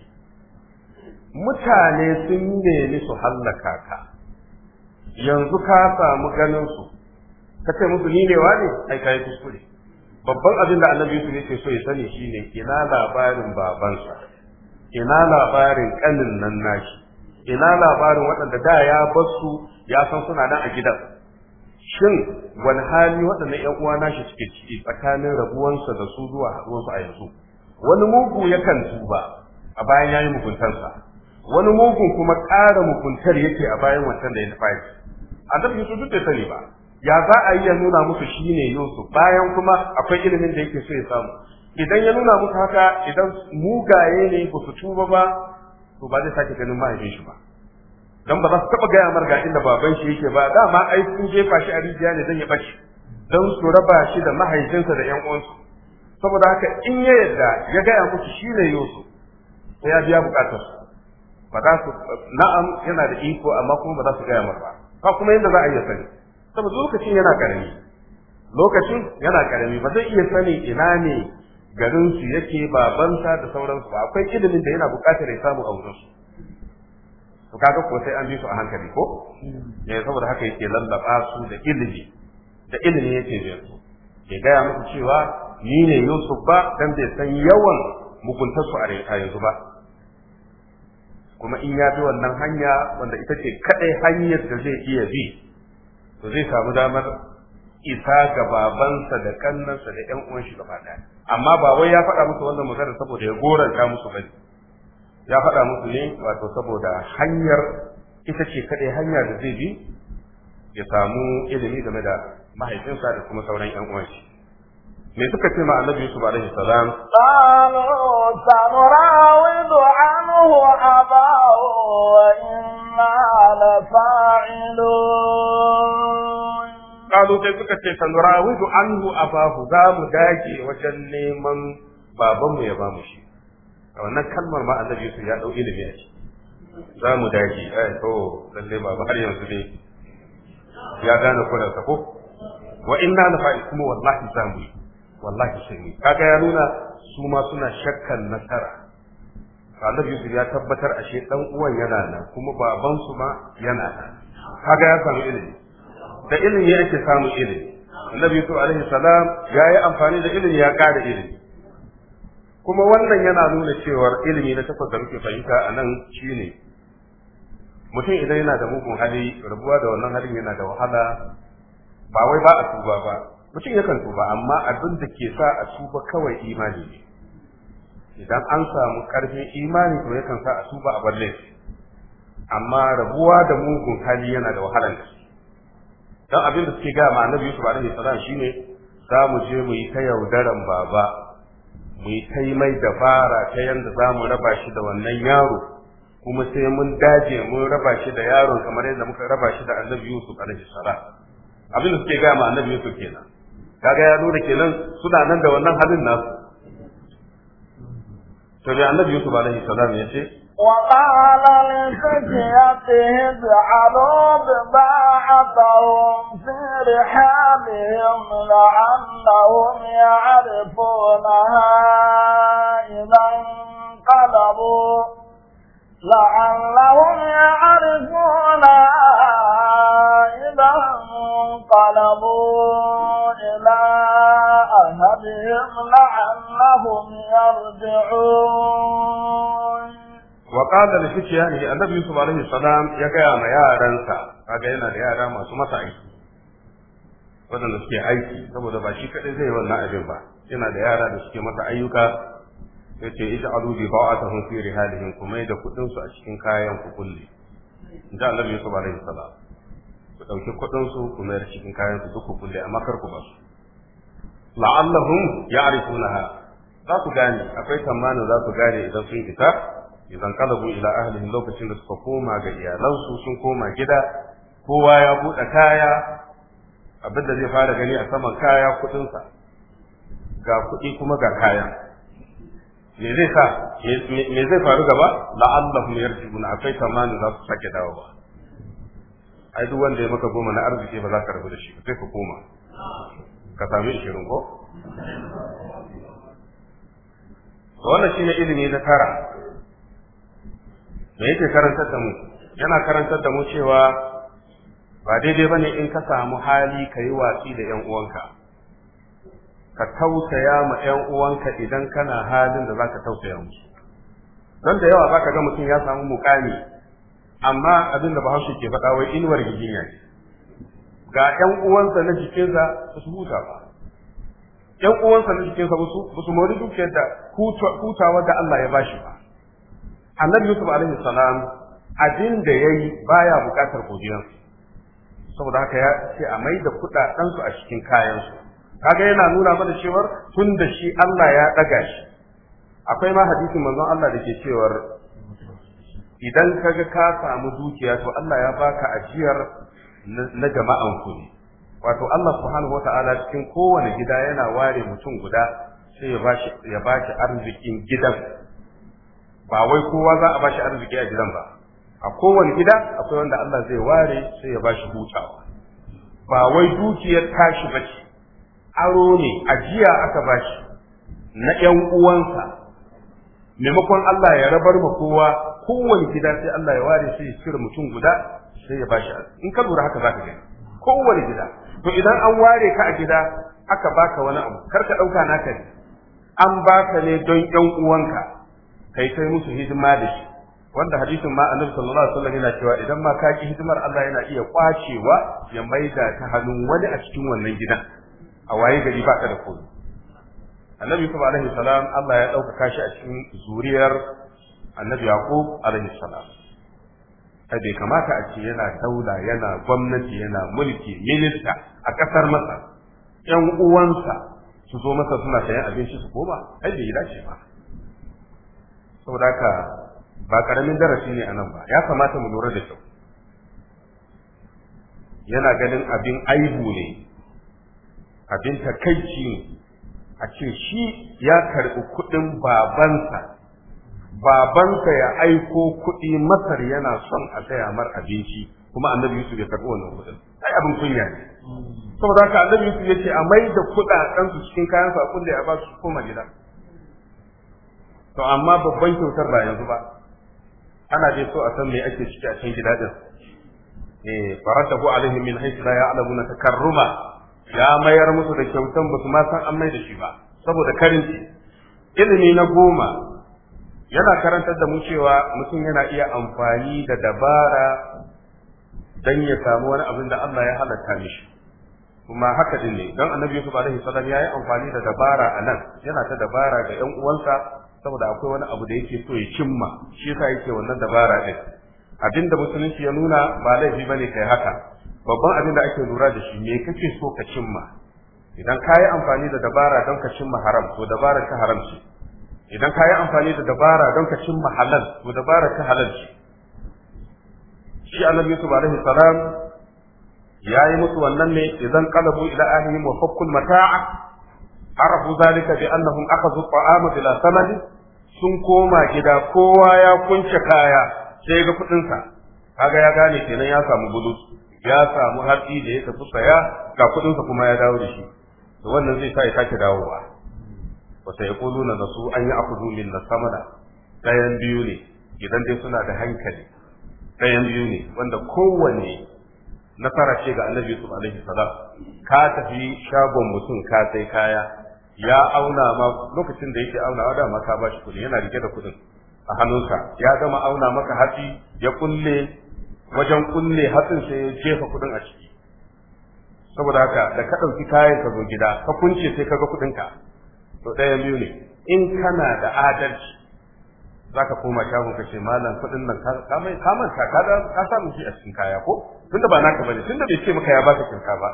mutane sun nemi su hallaka ka yanzu ka samu ganin su ka ce musu ni ne wani ai ka kuskure babban abin da annabi yusuf yake so ya sani shine ina labarin babansa ina labarin kanin nan nashi ina labarin waɗanda da ya basu ya san suna nan a gidan shin wani hali waɗannan ‘yan uwa nashi suke ciki tsakanin rabuwansa da su zuwa haɗuwarsu a yanzu wani mugu yakan tuba a bayan yayi sa wani mugun kuma ƙara muguntar yake a bayan wancan da ya tafi annabi Yusuf duk bai sani ba ya za a yi nuna musu shine Yusuf bayan kuma akwai ilimin da yake so ya samu idan ya nuna musu haka idan mugaye ne ba su tuba ba to ba zai sake ganin mahaifin shi ba dan ba za su taba gaya mar ga inda baban shi yake ba dama ai sun jefa shi a rijiya ne zan ya bace dan su raba shi da mahaifinsa da yan uwansu saboda haka in ya yadda ya gaya musu shi ne Yusuf sai ya biya bukatar ba za su na'am yana da iko amma kuma ba za su gaya mar ba ba kuma yadda za a iya sani saboda lokacin yana karami lokacin yana karami ba zai iya sani ina ne garinsu yake babansa da sauransu ba akwai ilimin da yana bukatar ya samu a wurinsu to kaga ko sai an bi su a hankali ko ne eh, saboda haka yake lallaba su da ilimi da ilimi yake biyar su ke gaya muku cewa ni ne Yusuf ba dan bai san yawan muguntar su a yanzu ba kuma in ya bi wannan hanya wanda ita ce kadai hanyar da zai iya bi to zai samu damar isa ga babansa da kannansa da ƴan uwan shi gaba ɗaya amma ba wai ya faɗa musu wannan magana saboda ya goranta musu bane ya faɗa musu ne wato saboda hanyar ita ce kaɗai hanya da zai bi ya samu ilimi game da mahaifinsa da kuma sauran ƴan uwanshi me suka ce ma annabi Yusuf alaihi salam qalu sanurawidu anhu abahu wa inna la fa'ilun qalu sai suka ce sanurawidu anhu abahu za mu dage wajen neman babanmu ya mu shi a wannan kalmar ma annabi Yusuf ya dau ilimi ne za mu dage ai to lalle ba har yanzu ne. ya gane kuran ta ko wa inna la fa'ikum wallahi za mu wallahi sai kaga ya nuna su ma suna shakkan nasara annabi Yusuf ya tabbatar ashe dan uwan yana nan kuma baban su ma yana nan kaga ya samu ilimi da ilimi yake samu ilimi annabi Yusuf alaihi salam ya yi amfani da ilimi ya ƙara ilimi kuma wannan yana nuna cewar ilimi na takwas da muke fahimta a nan shine mutum idan yana da mugun hali rabuwa da wannan halin yana da wahala ba wai ba a tuba ba mutum yakan tuba amma abin da ke sa a tuba kawai imani ne idan an samu karfin imani to yakan sa a tuba a balle amma rabuwa da mugun hali yana da wahalar gaske dan abin da suke ga ma annabi Yusuf alaihi salam shine za mu je mu yi ta yaudaran baba mu kai mai dabara ta yadda za mu raba shi da wannan yaro kuma sai mun daje mun raba shi da yaron kamar yadda muka raba shi da annabi yusuf alaihi salam abin da suke gaya ma annabi yusuf kenan kaga ya nuna kenan suna nan da wannan halin nasu to annabi yusuf alaihi salam ya ce وقال لفتيته اجعلوا بضاعتهم في رحالهم لعلهم يعرفونها إذا انقلبوا لعلهم يعرفونها إذا انقلبوا إلى أهلهم لعلهم يرجعون wa qala li fityani annabi yusuf alaihi salam ya gaya ma yaransa kaga yana da yara masu mata aiki wadanda suke aiki saboda ba shi kadai zai wannan abin ba yana da yara da suke masa ayyuka yace ij'alu a ba'atahum fi rihalihim kuma da kudin su a cikin kayan ku kulle inda annabi yusuf alaihi salam ku dauki kudin su ku mayar cikin kayan ku duk ku kulle amma kar ku ba su la'allahum ya'rifunaha za ku gane akwai tamanin za ku gane idan sun fita idan bu ila ahli lokacin da suka koma ga iyalansu sun koma gida kowa ya buɗe kaya abin da zai fara gani a saman kaya kuɗinsa ga kuɗi kuma ga kaya me zai sa me zai faru gaba yarji yarji'un akwai tamani za su sake ba. ai duk wanda ya maka goma na arziki ba za ka rabu da shi sai ka koma ka sami ishirin ko wannan shine ilimi na tara me yake karantar da mu yana karantar da mu cewa ba daidai bane in ka samu hali ka yi watsi da yan uwanka ka tausaya ma yan uwanka idan kana halin da zaka tausaya musu don da yawa zaka ga mutum ya samu mukami amma abin da bahaushe ke faɗa wai inuwar giginya ne ga ƴan uwansa na jikinsa ba su huta ba ƴan uwansa na jikinsa ba su mori dukiyar da hutawa da Allah ya bashi ba annabi yusuf alaihi salam abin da yayi baya bukatar godiyar saboda haka ya ce a mai da kudaden a cikin kayan su kaga yana nuna mana cewar tun da shi Allah ya daga shi akwai ma hadisin manzon Allah da ke cewar idan kaga ka samu dukiya to Allah ya baka ajiyar na jama'an ku wato Allah subhanahu wata'ala cikin kowane gida yana ware mutum guda sai ya bashi ya bashi arzikin gidan ba wai kowa za a bashi arziki a gidan ba a kowane gida akwai wanda Allah zai ware sai ya bashi hutawa ba wai dukiyar tashi ba ce, aro ne ajiya aka bashi na ƴan uwansa maimakon Allah ya rabar ma kowa kowane gida sai Allah ya ware sai ya cire mutum guda sai ya bashi in ka lura haka zaka gani kowane gida to idan an ware ka a gida aka baka wani abu kar ka dauka naka ne an baka ne don ƴan uwanka kai kai musu hidima da shi wanda hadisin ma annabi sallallahu alaihi wasallam yana cewa idan ma ka ki hidimar Allah yana iya kwacewa ya maida ta hannun wani a cikin wannan gida, a waye gari ba ka da komai annabi kuma alaihi salam Allah ya ɗaukaka kashi a cikin zuriyar annabi yaqub alaihi salam sai bai kamata a ce yana daula yana gwamnati yana mulki minista a kasar masa. Yan uwansa su zo masa suna sayan abinci su koma ai bai dace ba saboda haka ba karamin darasi ne a nan ba ya kamata mu lura da kyau yana ganin abin aibu ne abin takaici ne a ce shi ya karɓi kuɗin babansa babansa ya aiko kuɗi masar yana son a saya mar abinci kuma annabi Yusuf ya karɓi wannan kuɗin ai abin kunya ne saboda haka annabi Yusuf ya ce a mai da kuɗaɗen su cikin kayan sakon da ya ba su koma gida to amma babban kyautar ba yanzu ba ana dai so a san me ake ciki a cikin gida din eh faratahu alaihi min haythu la ya'lamuna takarruma ya mayar musu da kyautan ba kuma ma san an mai da shi ba saboda karinci ilimi na goma yana karantar da mu cewa mutum yana iya amfani da dabara dan ya samu wani abin da Allah ya halatta mishi kuma haka din ne dan annabi Yusuf alaihi salam yayi amfani da dabara anan yana ta dabara ga ɗan uwansa saboda akwai wani abu da yake so ya cimma shi yasa yake wannan dabara din abin da musulunci ya nuna ba laifi bane kai haka babban abin da ake lura da shi me kake so ka cimma idan ka yi amfani da dabara don ka cimma haram to dabarar ka haram ce idan ka yi amfani da dabara don ka cimma halal to dabarar ka halal ce shi annabi yusuf alaihi salam ya yi musu wannan ne idan qalabu ila ahlihim wa fakkul mata'a arafu zalika bi annahum akhadhu at-ta'ama bila thamani sun koma gida kowa ya kunce kaya sai ga kuɗinsa kaga ya gane kenan ya samu gudu ya samu hatsi da ya tafi saya ga kuɗinsa kuma ya dawo da shi to wannan zai sa ya sake dawowa wa sai yaquluna da su an yi akudu min samana dayan biyu ne idan dai suna da hankali dayan biyu ne wanda kowanne nasara ce ga annabi su alaihi salam ka tafi shagon mutum ka sai kaya ya auna ma lokacin da yake auna wa dama ka bashi kuɗi yana rike da kuɗin a hannunsa ya gama auna maka hatsi ya kulle wajen kulle hatsin sai ya jefa kuɗin a ciki saboda haka da ka ɗauki kayan ka zo gida ka kunce sai ka ga kuɗinka to ɗaya biyu ne in kana da adalci za ka koma shagon ka ce malam kuɗin nan ka manta ka samu shi a cikin kaya ko tunda ba naka bane tunda bai ce maka ya baka kinka ba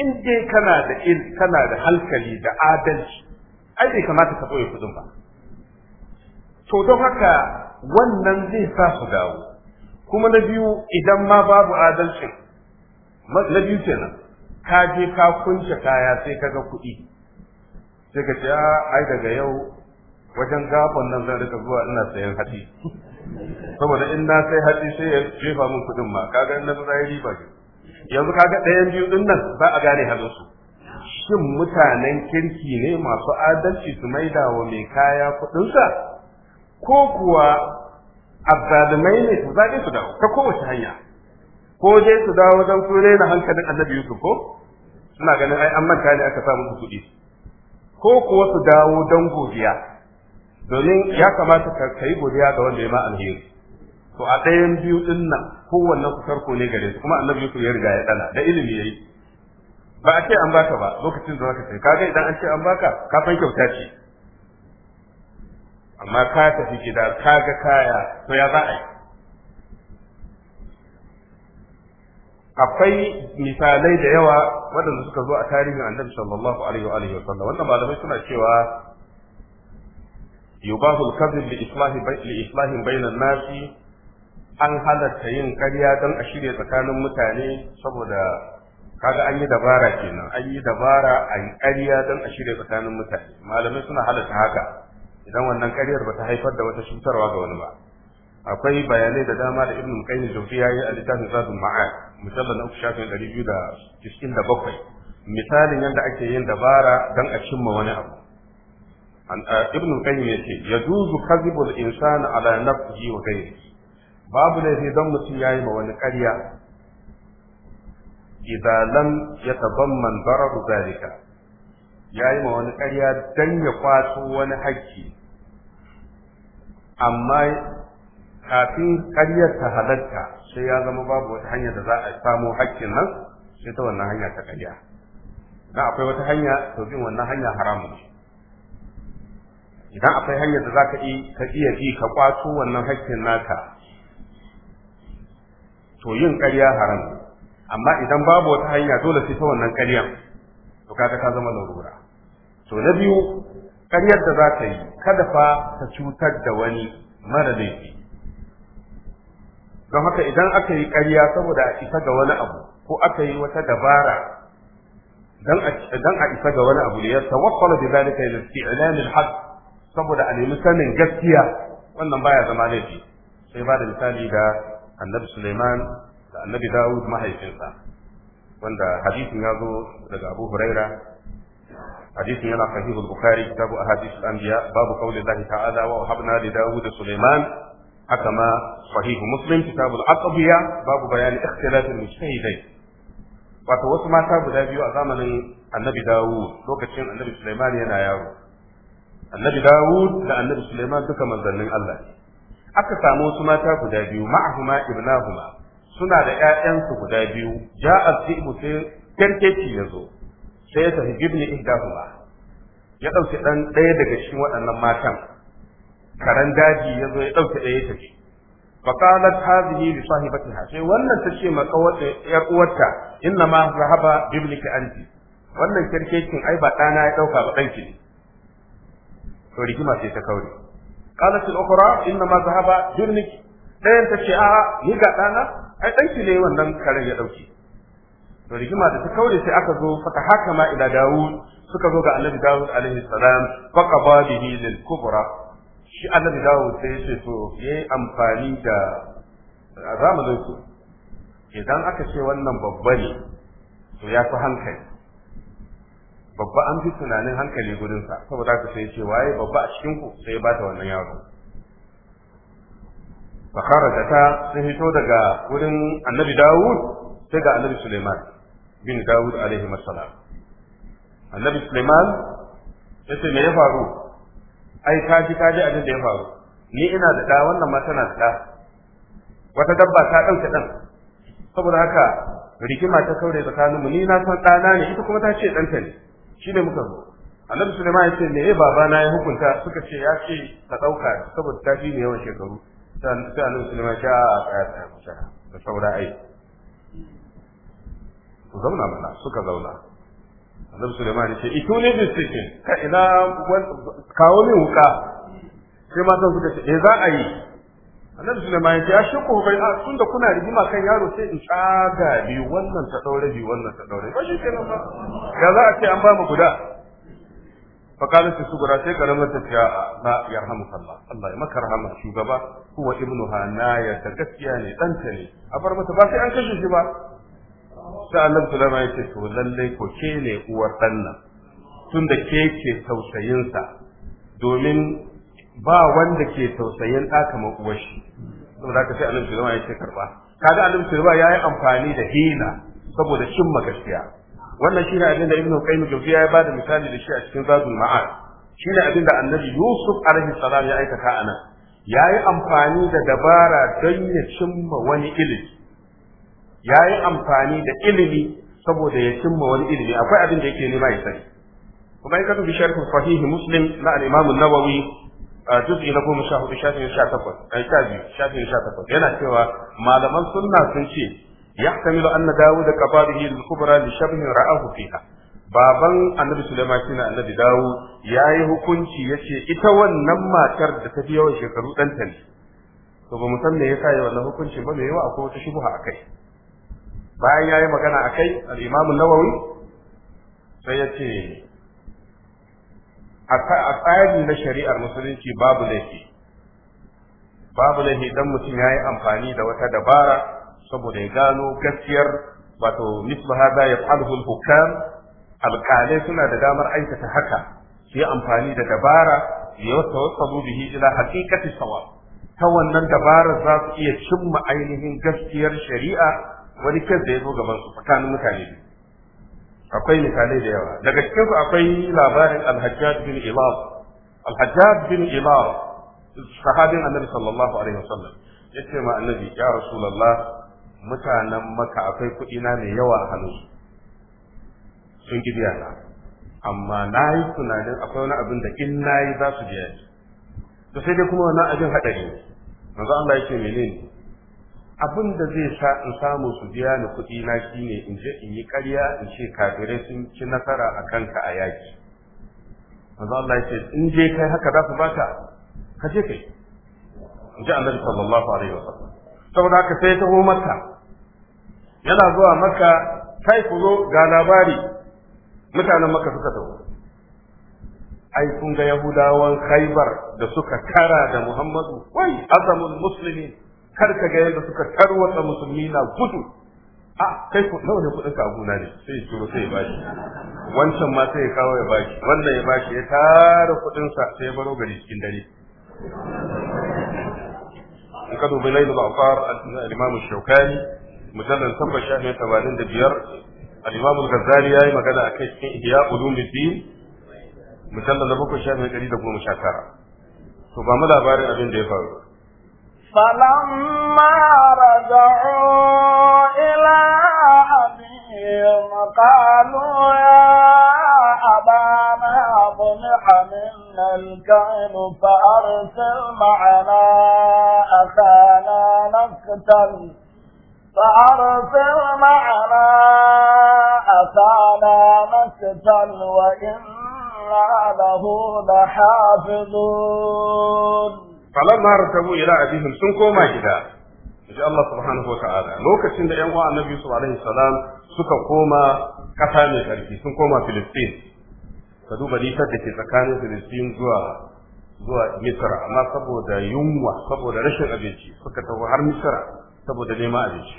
in dai kana da il kana da halkali da adalci ai bai kamata ka ɓoye kuɗin ba to don haka wannan zai sa su dawo kuma na biyu idan ma babu adalcin na biyu kenan ka je ka kunce kaya sai ka ga kuɗi sai ka ce ah, ai daga yau wajen gafon nan zan rika zuwa ina sayan hatsi saboda in na sai hatsi sai ya jefa min kuɗin ma kaga in na zai riba yanzu kaga ɗayan biyu ɗin nan za a gane su shin mutanen kirki ne masu adalci su maida wa mai kaya kuɗinsa ko kuwa azzalumai ne su zaɓe su dawo ta kowace hanya ko dai su dawo wajen su na hankalin annabi yusuf ko suna ganin ai an manta ne aka sa musu kuɗi ko kuwa su dawo don godiya domin ya kamata ka yi godiya ga wanda ya ma alheri to a ɗayan biyu ɗin nan kowanne su tarko ne gare su kuma annabi Yusuf ya riga ya ɗana, da ilimi yayi ba a ce an baka ba lokacin da zaka sai kaga idan an ce an baka ka san kyauta ce amma ka tafi gida ka ga kaya to ya za a yi akwai misalai da yawa waɗanda suka zo a tarihin annabi sallallahu alaihi wa alihi sallam wannan malamai suna cewa yubahul kadhib li islahi li islahin bainan nasi an halarta yin ƙarya don a shirya tsakanin mutane saboda kaga an yi dabara kenan an yi dabara a yi ƙarya don a shirya tsakanin mutane malamai suna halarta haka idan wannan ƙaryar ba ta haifar da wata cutarwa ga wani ba akwai bayanai da dama da ibnu qayyim jawzi ya yi a littafin zadul ma'a na uku shafin ɗari biyu da cikin da bakwai misalin yadda ake yin dabara don a cimma wani abu ibnu qayyim ya ce yajuzu kadhibul insani ala nafsihi wa ghayrihi babu laifi don mutum ya yi ma wani ƙarya idan lam ya tabamman dararu zalika ya yi ma wani ƙarya don ya kwaso wani hakki amma kafin ƙaryar ta halatta sai ya zama babu wata hanya da za a samu hakkin nan sai ta wannan hanya ta ƙarya na akwai wata hanya to bin wannan hanya haramu ne. idan akwai hanya da za ka iya bi ka kwaso wannan hakkin naka to yin ƙarya haram amma idan babu wata hanya dole sai ta wannan ƙaryan to kaga ka zama larura to na biyu ƙaryar da za ta yi kada fa ta cutar da wani mara laifi don haka idan aka yi ƙarya saboda a isa ga wani abu ko aka yi wata dabara dan a isa ga wani abu ne ya tawakkala bi zalika ila isti'lan al-haq saboda a nemi sanin gaskiya wannan baya zama laifi sai ba da misali da annabi Suleiman da annabi Dawud mahaifinsa wanda hadisin ya zo daga Abu Huraira hadisin yana sahih al-Bukhari kitabu ahadith al-anbiya babu qawli Allah ta'ala wa habna li Dawud Suleiman haka ma sahih Muslim kitabu al-aqbiya babu bayani ikhtilaf al-mujtahidain wato wasu mata guda biyu a zamanin annabi Dawud lokacin annabi Suleiman yana yaro annabi Dawud da annabi Suleiman duka manzannin Allah ne aka samu wasu mata guda biyu ma'ahuma ibnahuma suna da ƴaƴansu guda biyu ja azibu sai kerkeci ya zo sai ya tafi gibni ihdahuma ya ɗauki ɗan ɗaya daga cikin waɗannan matan karan daji ya zo ya ɗauki ɗaya ya tafi فقالت هذه لصاحبتها sai wannan tace ma kawata yar uwarta inna ma zahaba biblika anti wannan kirkecin ai ba dana ya dauka ba danki ne to rigima sai ta kauri. قالت al-ukhra ذهب ma ɗayan jirnik dayan ta ce a'a ni ga ɗana. ai danki ne wannan karen ya dauke to rigima da ta kaure sai aka zo fata hakama ila dawud suka zo ga annabi dawud alaihi salam fa babihi lil kubra shi annabi dawud sai ce to yayi amfani da zamanin su idan aka ce wannan babba ne to ya fi hankali babba an fi tunanin hankali gurinsa saboda haka sai ce waye babba a cikin ku sai ba ta wannan yaro fa da ta sun fito daga wurin annabi dawud sai ga annabi suleiman bin dawud alaihi salam annabi suleiman ya ce me ya faru ai ka ji ka ji abin da ya faru ni ina da ɗa wannan ma tana da ɗa wata dabba ta ɗauke ɗan saboda haka rigima ta kaure tsakaninmu ni na san ɗana ne ita kuma ta ce ɗanta ne shine muka zo annabi Sulaiman ya ce me ya baba na ya hukunta suka ce ya ce ka dauka saboda ta ne yawan shekaru sai annabi Sulaiman ya ce a tsaya tsaya kusa da saura ai ku zauna mana suka zauna annabi Sulaiman ya ce ne bi sikin ka ina kawo min wuka sai matan suka ce eh za a yi annabi sulaiman ya ce ku bai a tunda kuna rigima kan yaro sai in tsaga biyu wannan ta daure biyu wannan ta daure ya za a ce an ba mu guda فقالت الصغرى sai karamar ta ce na yarhamuka Allah Allah ya maka rahama shugaba huwa ibnu ya ta gaskiya ne dan ta ne a bar mata ba sai an kashe shi ba sai Allah sulaiman ya ce to lalle ko ke ne uwar dan nan tunda ke ke tausayin sa domin ba wanda ke tausayin ɗa kamar uwar shi saboda ka sai annabi sulaiman ya ce karba kaga annabi sulaiman ya yi amfani da hina saboda cimma gaskiya wannan shine abin da ibnu qayyim jawziya ya da misali da shi a cikin zazul ma'ad shine abin da annabi yusuf alaihi salam ya aikata nan. ya yi amfani da dabara don ya cimma wani ilimi ya yi amfani da ilimi saboda ya cimma wani ilimi akwai abin da yake nema ya sani kuma in ka tafi sharh sahih muslim na al-imam an-nawawi a juz'i na goma sha hudu shafin sha takwas ai sha biyu shafin sha takwas yana cewa malaman sunna sun ce ya yahtamilu anna da qabalihi al-kubra shafin shabhin ra'ahu fiha baban annabi sulaiman na annabi ya yi hukunci ya ce ita wannan matar da ta fi yawan shekaru ɗanta ne to ba mu san me yasa yi wannan hukunci ba me yawa akwai wata a kai bayan ya yi magana akai kai imam nawawi sai yace a tsari na shari'ar musulunci babu laifi babu laifi dan mutum ya yi amfani da wata dabara saboda ya gano gaskiyar wato mislu za ya falhul hukam alƙalai suna da damar aikata haka su yi amfani da dabara ya tawassalu bihi ila haqiqati sawa ta wannan dabarar za su iya cimma ainihin gaskiyar shari'a wani kai da ya zo gaban su tsakanin mutane biyu akwai misalai da yawa daga cikin su akwai labarin al-hajjaj bin ilaf al-hajjaj bin ilaf sahabin annabi sallallahu alaihi wasallam yace ma annabi ya rasulullah mutanen maka akwai kuɗi na mai yawa a hannunsu sun ki biya na amma na yi tunanin akwai wani abin da in na yi za su biya to sai dai kuma wani abin haɗari manzo Allah yake menene abin da zai sa in samu su biya ni kuɗi na shine in je in yi ƙarya in ce kafirai sun ci nasara a kanka a yaki manzo Allah ya ce in je kai haka za su baka ka je kai in ji annabi sallallahu alaihi wasallam saboda haka sai taho makka yana zuwa makka kai ku zo ga labari mutanen makka suka taho ai kun ga yahudawan khaibar da suka kara da muhammadu wai azamul muslimin kar ka ga yadda suka tarwatsa musulmi na gudu a kai ku nawa ne kuɗin ka gona ne sai ya turo sai ya bashi wancan ma sai ya kawo ya bashi wannan ya bashi ya tara kuɗin sa sai ya baro gari cikin dare in ka dubi lailu ba'far al-imam shaukani mujallal sabba sha'ni tabanin da biyar al-imam al-ghazali yayi magana akai cikin ihya ulumuddin mujallal na bakwai shafi ɗari da goma sha tara to ba mu labarin abin da ya faru فلما رجعوا إلى أبيهم قالوا يا أبانا ضمح منا الكائن فأرسل معنا أخانا نقتل فأرسل معنا أخانا نقتل وإنا له لحافظون falamma ratabu ila abihim sun koma gida insha Allah subhanahu wa lokacin da yan uwa annabi su alaihi salam suka koma kasa mai sarki sun koma Filistin ka duba da ke tsakanin Filistin zuwa zuwa Misra amma saboda yunwa saboda rashin abinci suka tafi har Misra saboda neman abinci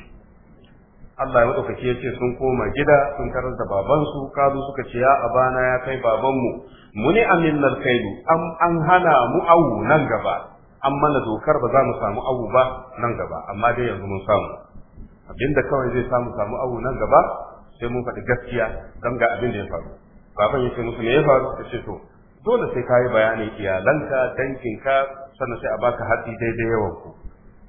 Allah ya madaukake ya ce sun koma gida sun karar da babansu kazu suka ce ya abana ya kai babanmu muni aminnal kaidu an hana mu awu nan gaba an mana dokar ba za mu samu abu ba nan gaba amma dai yanzu mun samu da kawai zai samu samu abu nan gaba sai mun faɗi gaskiya don ga abin da ya faru baban ya ce musu me ya faru ta ce to dole sai ka yi bayanin iyalanka danginka sannan sai a baka hatsi daidai yawan ku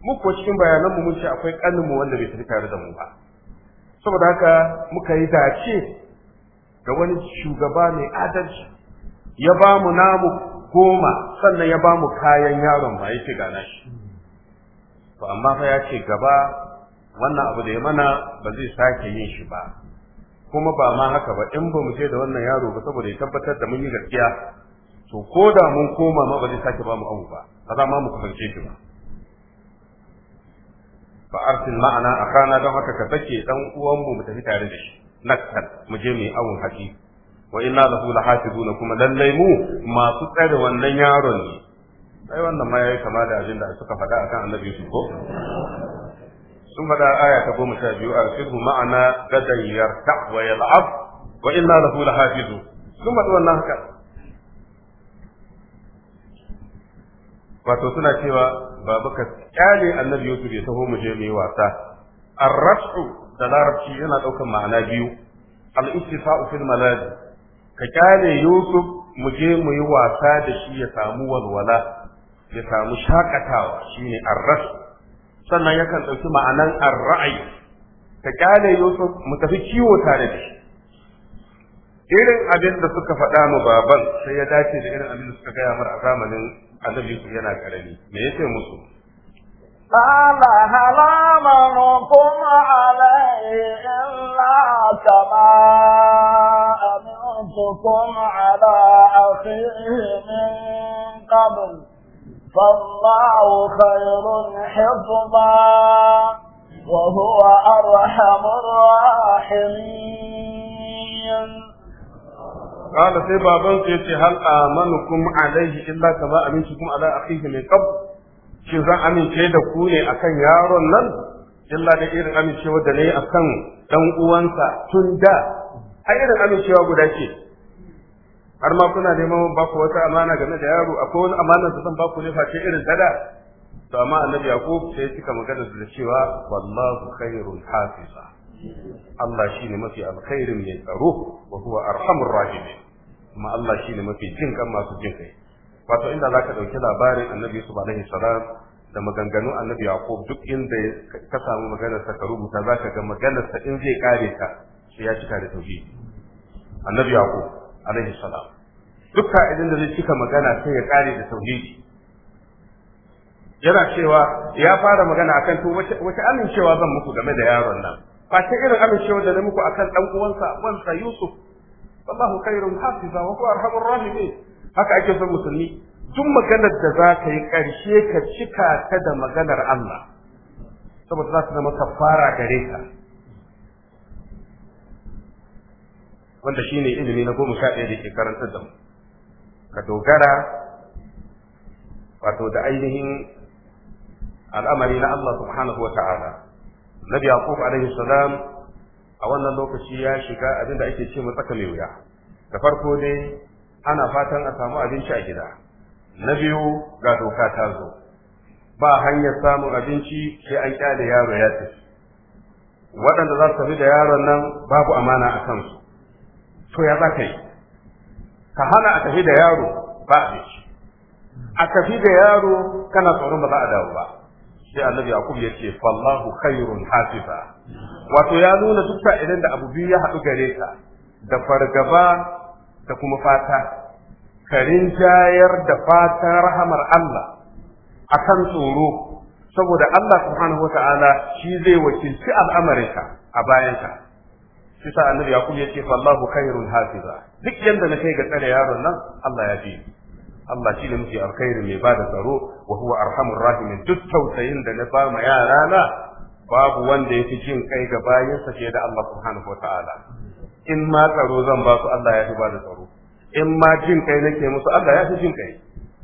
muku cikin bayananmu mun ce akwai ƙaninmu wanda bai tafi tare da mu ba saboda haka muka yi dace ga wani shugaba mai adalci ya ba mu namu goma sannan ya bamu kayan yaron ba yake gana shi to amma fa ya ce gaba wannan abu da ya mana ba zai sake yin shi ba kuma ba ma haka ba in ba mu je da wannan yaro ba saboda ya tabbatar da mun yi gaskiya to ko da mun koma ma ba zai sake ba mu abu ba ba za ma mu kusance shi ba fa arsil ma'ana akana don haka ka sake dan uwan mu mu tafi tare da shi nakkan mu je mu yi awun hakiki wa inna lahu lahafizuna kuma lallai mu masu tsare wannan yaron ne ai wannan ma yayi kama da abin da suka faɗa akan annabi su ko sun faɗa aya ta goma sha biyu arsilhu ma'ana gadan yarta wa yal'ab wa inna lahu lahafizu sun faɗi wannan haka wato suna cewa babu ka kyale annabi yusuf ya taho mu je mu yi wasa arrafu da larabci yana ɗaukan ma'ana biyu al-istifa'u fil maladi ka kyale yusuf mu je mu yi wasa da shi ya samu walwala ya samu shakatawa shine arras sannan yakan ɗauki ma'anan arra'ayi ka kyale yusuf mu tafi kiwo tare da shi irin abin da suka faɗa mu baban sai ya dace da irin abin da suka gaya mar a zamanin annabi yana karami me yake musu قال هل آمنكم عليه إلا كما أمنتكم على أخيه من قبل فالله خير حفظا وهو أرحم الراحمين قال سيبا بنك هل آمنكم عليه إلا كما أمنتكم على أخيه من قبل shin zan amince da ku ne akan yaron nan illa da irin amincewa da nayi akan dan uwansa tun da a irin amincewa guda ce har ma kuna neman ba ku wata amana game da yaro akwai wani amana da zan ba ku ne face irin dada to amma annabi yaqub sai cika magana da cewa wallahu khairul hafiza Allah shine mafi alkhairin mai tsaro wa huwa arhamur rahimin kuma Allah shine mafi jin kan masu jin kai wato inda zaka dauki labarin annabi yusuf alaihi salam da maganganu annabi yaqub duk inda ka samu maganar sa ka rubuta zaka ga maganar sa in zai kare ka sai ya cika da tauhidi annabi yaqub alaihi salam duk ka'idin da zai cika magana sai ya kare da tauhidi yana cewa ya fara magana akan to wace amincewa zan muku game da yaron nan ba ta irin amincewa da na muku akan dan uwansa wansa yusuf wallahu khairun hafiza wa huwa arhamur rahimin haka ake son musulmi duk maganar da za ka yi ƙarshe ka cika ta da maganar Allah saboda za su zama kafara gare ka wanda shine ilimi na goma sha ɗaya da ke karantar da mu ka dogara wato da ainihin al'amari na Allah subhanahu wa ta'ala nabi yaqub alaihi salam a wannan lokaci ya shiga abin ake ce tsaka mai wuya da farko dai ana fatan a samu abinci a gida na biyu ga doka ta zo ba hanyar samun abinci sai an kyale yaro ya tafi waɗanda za su tafi da yaron nan babu amana a kansu to ya za ka yi ka hana a tafi da yaro ba abinci a tafi da yaro kana tsoron ba za a dawo ba sai annabi yakub ya ce fallahu khairun hafiza wato ya nuna dukka idan da abu biyu ya haɗu gare ka da fargaba da kuma fata ka rinjayar da fatan rahamar Allah akan tsoro saboda Allah subhanahu wata'ala shi zai wakilci al'amarinka a bayanka shi sa annabi yaqub yace fallahu khairul hafiza duk yanda na kai ga tsare yaron nan Allah ya bi Allah shi ne mafi alkhairi mai ba da tsaro wa huwa arhamur rahimin duk tausayin da na ba ma yara na babu wanda yafi jin kai ga bayansa fiye da Allah subhanahu wata'ala in ma tsaro zan ba su Allah ya fi ba da tsaro in ma jin kai nake musu Allah ya fi jin kai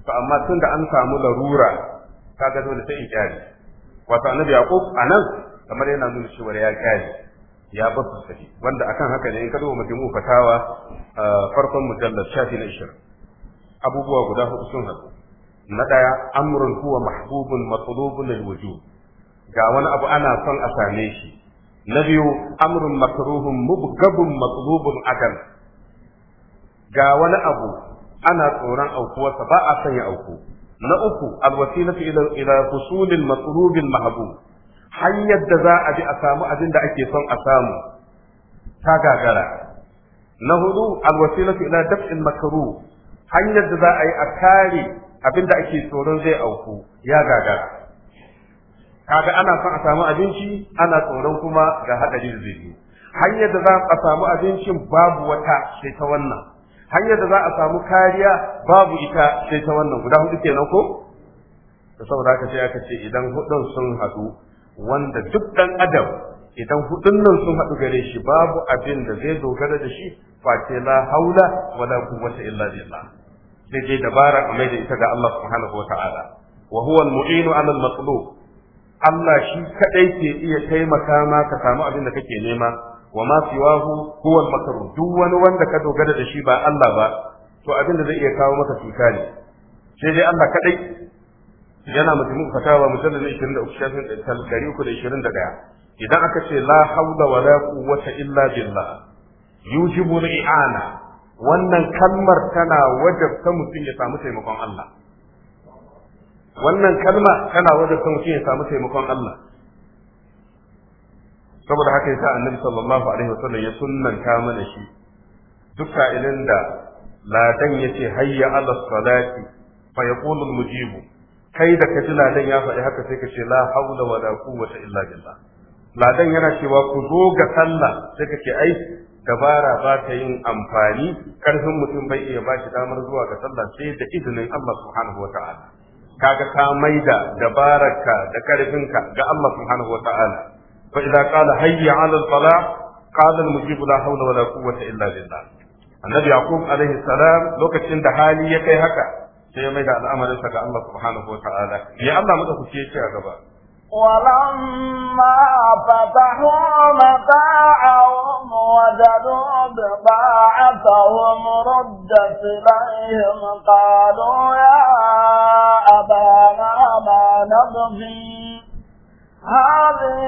to amma tun da an samu larura ga dole sai in kyale wato annabi yaqub anan kamar yana nuna cewa ya kyale ya ba su sahi wanda akan haka ne in ka duba majmu fatawa farkon mujallad shafi na 20 abubuwa guda hudu sun haɗu na daya amrun huwa mahbubun matlubun lil wujub ga wani abu ana son a same shi na biyu amrun makruhun mubgabun matlubun adam ga wani abu ana tsoron aukuwarsa ba a sanya auku na uku alwasilatu ila ila husulil matrubil mahbub hanyar da za a bi a samu abin da ake son a samu ta gagara na hudu alwasilatu ila daf'il makruh hanyar da za a yi a kare abin da ake tsoron zai auku ya gagara kaga ana son a samu abinci ana tsoron kuma ga hadari zai zai hanyar da za a samu abincin babu wata sai ta wannan hanyar da za a samu kariya babu ita sai ta wannan guda hudu kenan ko da saboda haka sai aka ce idan hudun sun haɗu wanda duk dan adam idan hudun nan sun haɗu gare shi babu abin da zai dogara da shi face la haula wala quwwata illa billah sai dai dabara a maida ita ga Allah subhanahu wataala wa huwa al-mu'inu 'ala al-matlub Allah shi kadai ke iya taimaka ma ka samu abin da kake nema wa ma siwahu huwa duk wani wanda ka dogara da shi ba Allah ba to abin da zai iya kawo maka cuta ne sai dai Allah kadai yana mutumin fatawa mujallal 23 shafin 321 idan aka ce la hawla wa la quwwata illa billah yujibu al-i'ana wannan kalmar tana wajabta mutum ya samu taimakon Allah wannan kalma tana ta mutum ya samu taimakon Allah saboda haka yasa annabi sallallahu alaihi wasallam ya sunnanta mana shi duk sa'ilin da ladan yace hayya ala salati fa yaqulu mujibu kai da kaji ladan ya faɗi haka sai ka ce la wa wala quwwata illa billah ladan yana cewa ku zo ga sallah sai ka ce ai dabara ba ta yin amfani karfin mutum bai iya ba shi damar zuwa ga sallah sai da izinin Allah subhanahu wata'ala kaga ka maida dabararka da karfinka ga Allah subhanahu wata'ala فإذا قال هيا على الصلاة قال المجيب لا حول ولا قوة إلا بالله النبي يعقوب عليه السلام لو da hali ya kai haka sai ya mai da al'amarinsa ga Allah subhanahu wa ta'ala ya Allah ولما فتحوا متاعهم وجدوا بضاعتهم ردت إليهم قالوا يا أبانا ما نبغي هذه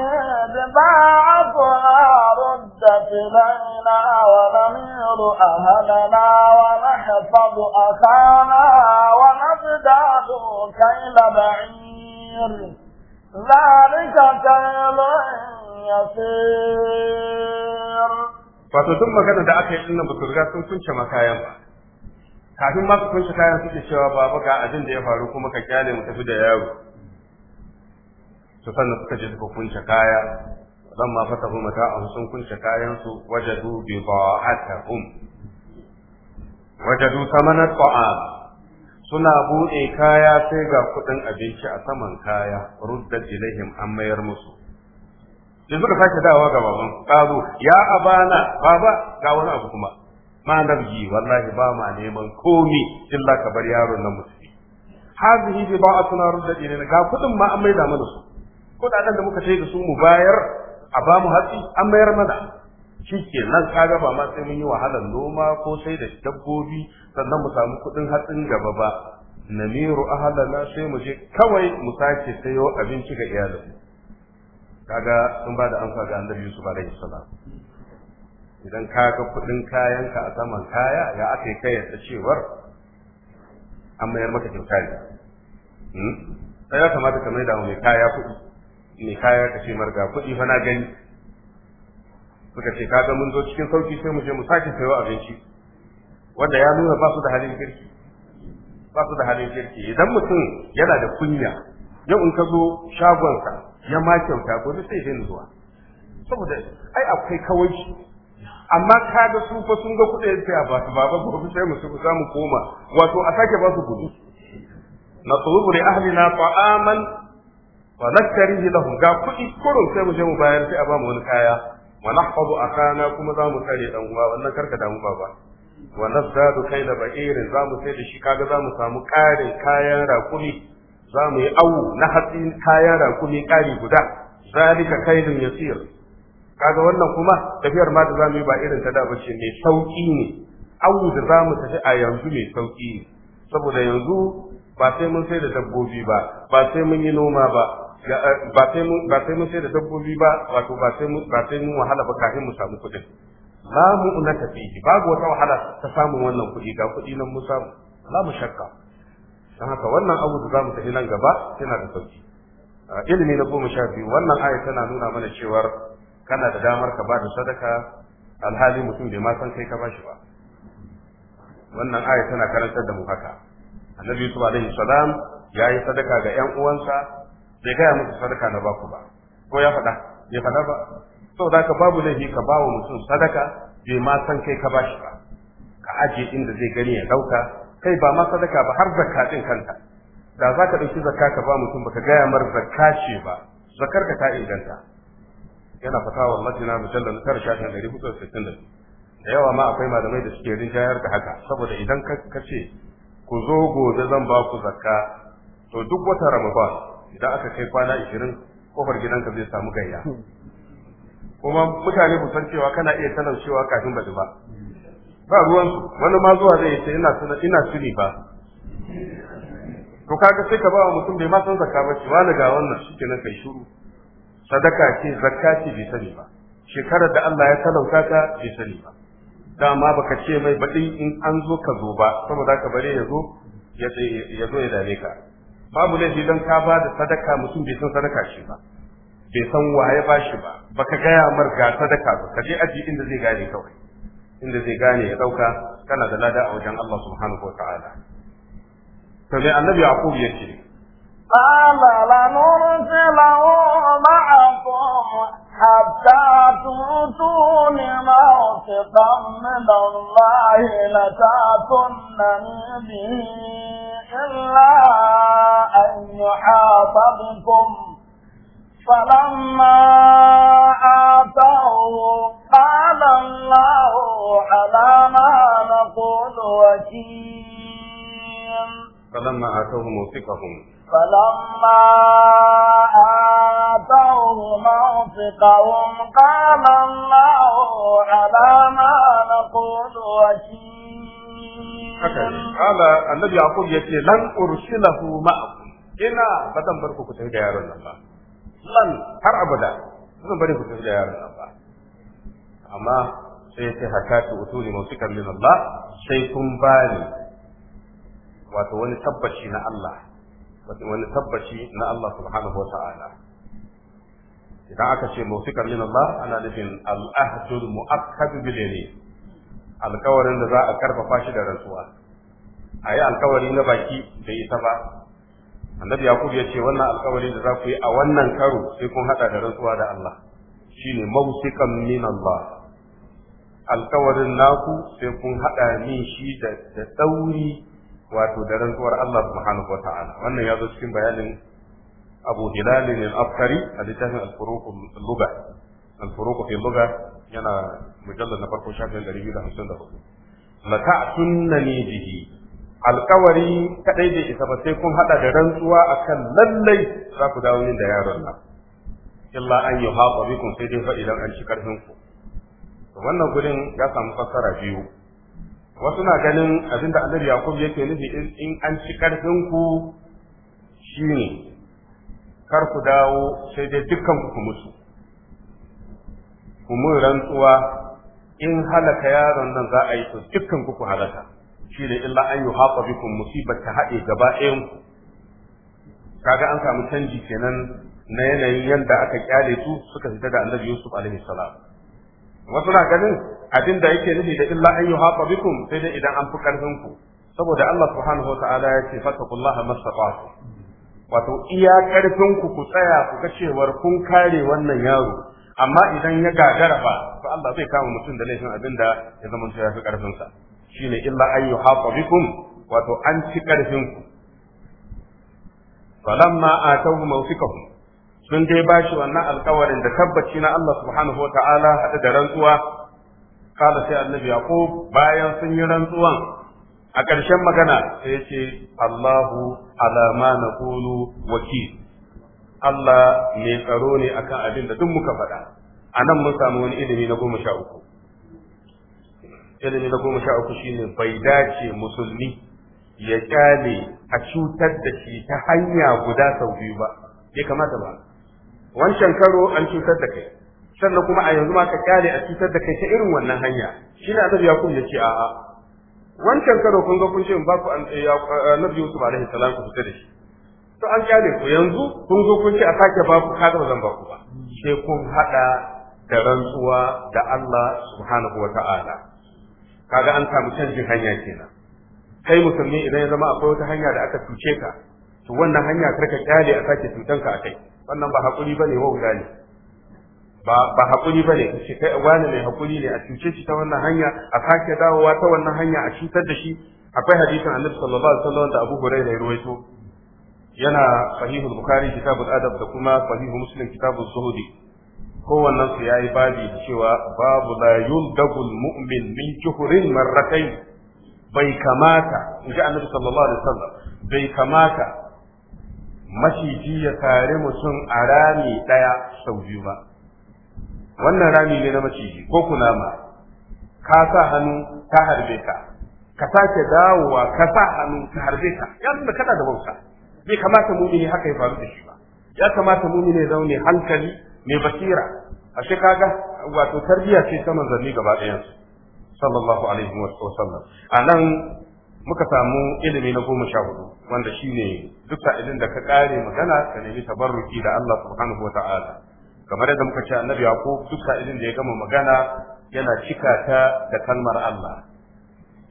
بضاعتنا ردت إلينا ونمير أهلنا ونحفظ أخانا ونزداد كيل بعير ذلك كيل يسير wato duk magana da aka yi nan, ba su riga sun kunce makayan ba kafin ma su kunce kayan suke cewa baba ga abin da ya faru kuma ka kyale mu tafi da yaro su sannan suka je suka kunce kaya lamma fatahu a sun kunce kayan su wajadu bi ba'atahum wajadu samana ta'am suna bude kaya sai ga kudin abinci a saman kaya rudda ilaihim an mayar musu sai suka sake dawa ga baban kazo ya abana baba ga wani abu kuma ma nabji wallahi ba ma neman komi illa ka bar yaron na musulmi hazihi bi ba'atuna rudda ilaihim ga kudin ma an da mana su kudaden da muka sai da su mu bayar a ba mu hatsi an mayar mana shi ke nan kaga ba ma sai mun yi wahalar noma ko sai da dabbobi sannan mu samu kuɗin hatsin gaba ba namiru ahalana sai mu je kawai mu sake sayo abinci ga iyalin kaga sun ba da amsa ga annabi Yusuf alaihi salam idan ka ga kuɗin kayanka a saman kaya ya aka yi kai ta cewar an mayar maka kyauta ne hmm? sai ya kamata ka mai da mai kaya kuɗi mai kaya ka ce marga kuɗi fa na gani suka ce ga mun zo cikin sauki sai mu je mu sake sayo abinci wanda ya nuna ba su da halin kirki ba su da halin kirki idan mutum yana da kunya yau in ka zo shagonsa ya ma kyauta gobe sai zai zuwa saboda ai akwai kawai amma ka ga su fa sun ga kuɗi sai a ba su ba gobe sai mu su samu koma wato a sake ba su gudu na tsuru ne wa tarihi lahum ga kuɗi kurun sai mu je mu bayar sai a ba mu wani kaya wa nahfazu akana kuma za mu kare dan uwa wannan karka damu ba. wa nazdadu kayla ba'irin za mu sai da shi kaga za mu samu ƙarin kayan raƙumi za mu yi awu na hatsin kayan raƙumi ƙari guda zalika kaydun yasir kaga wannan kuma tafiyar ma da za mu yi ba irin ta da bace mai sauki ne awu da za mu tafi a yanzu mai sauki ne saboda yanzu ba sai mun sai da dabbobi ba ba sai mun yi noma ba Eh, ba sai mun ba sai mun sai da dabbobi ba wato ba sai mun ba sai mun wahala ba kafin mu samu kuɗin ba mu fi ba babu wata wahala ta samun wannan kuɗi ga kuɗi nan mu samu la mu shakka dan haka wannan abu da zamu tafi nan gaba yana da sauki ilimi na goma sha biyu wannan aya tana nuna mana cewar kana da damar ka ba da sadaka alhali mutum bai ma san kai ka bashi ba wannan aya tana karantar da mu haka annabi yusuf alaihi wasallam ya yi sadaka ga 'yan uwansa bai gaya musu sadaka na baku ba ko ya faɗa bai faɗa ba sau da ka babu laifi ka ba wa mutum sadaka bai ma san kai ka bashi ba ka aje inda zai gani ya ɗauka kai ba ma sadaka ba har zakka ɗin kanta da za ka ɗauki zakka ka ba mutum baka gaya mar zakka ce ba zakkar ka ta inganta yana fata wa Allah jina na tar shafin 462 da yawa ma akwai malamai da suke rinjayar da haka saboda idan ka ce ku zo gobe zan ba ku zakka to duk wata ramadan idan aka kai kwana ishirin kofar gidanka zai samu gayya kuma mutane ku san cewa kana iya cewa kafin baɗi ba ba ruwansu wani ma zuwa zai ce ina ina suni ba to kaga sai ka ba mutum bai ma san zakka ba shi, wani ga wannan shi na kai shuru sadaka ce zakka ce bai sani ba shekarar da Allah ya talauta ka bai sani ba dama baka ce mai baɗi in an zo ka zo ba saboda ka bare ya zo ya zo ya dame ka babu laifi don ka ba da sadaka mutum bai san sadaka shi ba bai san waye ba shi ba baka gaya mar ga sadaka ba ka je aji inda zai gane kawai inda zai gane ya dauka kana da lada a wajen Allah subhanahu wa ta'ala to dai annabi yaqub yace qala la nursilahu ma'akum hatta min Allah la إلا أن يحاط بكم فلما آتوه قال الله على ما نقول وكيل فلما آتوه موثقهم فلما آتوه موثقهم قال الله على ما نقول وكيل haka ala annabi yaqub yace lan ursilahu ma'akum ina ba zan bar ku tafi da yaron nan ba lan har abada zan bari ku tafi da yaron nan ba amma sai yace hakatu utuli musikan min Allah sai kun bani wato wani tabbaci na Allah wato wani tabbaci na Allah subhanahu wa ta'ala idan aka ce musikan min Allah ana nufin al-ahdul mu'akkad bil yamin alkawarin da za a karfafa shi da rantsuwa a yi alkawari na baki bai ita ba annabi yakub ya ce wannan alkawari da za ku yi a wannan karo sai kun hada da rantsuwa da Allah shine mawsiqan min Allah alkawarin naku sai kun hada min shi da da wato da rantsuwar Allah subhanahu wataala wannan ya zo cikin bayanin Abu Hilal al abkari a littafin al-Furuq al-Lugha al-Furuq fi al-Lugha yana mujallar na farko shafin ɗari biyu da hamsin da hudu la ta'tunnani bihi alkawari kadai bai isa ba sai kun haɗa da rantsuwa akan lallai za ku dawo yin da yaron nan illa an yi haƙa sai dai fa idan an ci karfin ku wannan gurin ya samu fassara biyu wasu na ganin abinda annabi ya yake nufi in an ci karfin ku shine kar ku dawo sai dai dukkan ku mutu mun rantsuwa in halaka yaron nan za a yi to dukkan ku ku halaka shi ne illa an yuhaqa bikum musibat ta haɗe gaba ɗayan ku kaga an samu canji kenan na yanayin yadda aka kyale su suka fita da annabi Yusuf alaihi salam wasu na ganin abin da yake nufi da illa an yuhaqa bikum sai dai idan an fi karfin ku saboda Allah subhanahu ta'ala ya ce fattaqullaha mastata'tum wato iya karfin ku ku tsaya ku ga cewar kun kare wannan yaro amma idan ya gagara ba to Allah zai kama mutum da laifin abin da ya zama ya fi karfin sa shine illa an yuhaqa bikum wato an ci karfin ku falamma atahu mawfiqahum sun dai bashi wannan alkawarin da tabbaci na Allah subhanahu wataala hada da rantsuwa kala sai annabi yaqub bayan sun yi rantsuwan a ƙarshen magana sai ya ce Allahu alama na naqulu wakil Allah mai tsaro ne akan abin da duk muka faɗa a nan mun samu wani ilimi na goma sha uku ilimi na goma sha uku shi ne bai dace musulmi ya kyale a cutar da shi ta hanya guda sau biyu ba ya kamata ba wancan karo an cutar da kai sannan kuma a yanzu ma ka kyale a cutar da kai ta irin wannan hanya Shi ne yakub ya ce a'a wancan karo kun ga kun ce ba ku eh, annabi yusuf alaihi salam ku fita da shi to an kyale ku yanzu kun zo kun ce a sake ba ku kaga zan ba ku ba sai kun hada da rantsuwa da Allah subhanahu wa ta'ala kaga an samu canjin hanya kenan kai musulmi idan ya zama akwai wata hanya da aka cuce ka to wannan hanya karka kyale a sake cutanka a kai wannan ba hakuri bane wauta ne ba ba hakuri bane shi kai wani mai hakuri ne a cuce shi ta wannan hanya a sake dawowa ta wannan hanya a cutar da shi akwai hadisin Annabi sallallahu alaihi wasallam da Abu Hurairah ya ruwaito yana sahihu bukhari kitabul adab da kuma sahihu muslim kitabul zuhudi kowannen su yayi babi cewa babu la yuldagul mu'min min juhurin marratayn bai kamata inji annabi sallallahu alaihi wasallam bai kamata maciji ya tare mutum a rami daya sau biyu ba wannan rami ne na maciji ko kunama ka sa hannu ta harbe ka ka sake dawowa ka sa hannu ta harbe ka ya nuna kana da bauta bai kamata ne haka ya faru da shi ba ya kamata mumini ne zaune hankali mai basira ashe kaga wato tarbiyya ce ta manzanni gaba ɗayan sallallahu alaihi wa sallam anan muka samu ilimi na goma sha hudu wanda shine duk sa'ilin da ka kare magana ka nemi tabarruki da Allah subhanahu wa ta'ala kamar yadda muka ce annabi ko duk sa'ilin da ya gama magana yana cika ta da kalmar Allah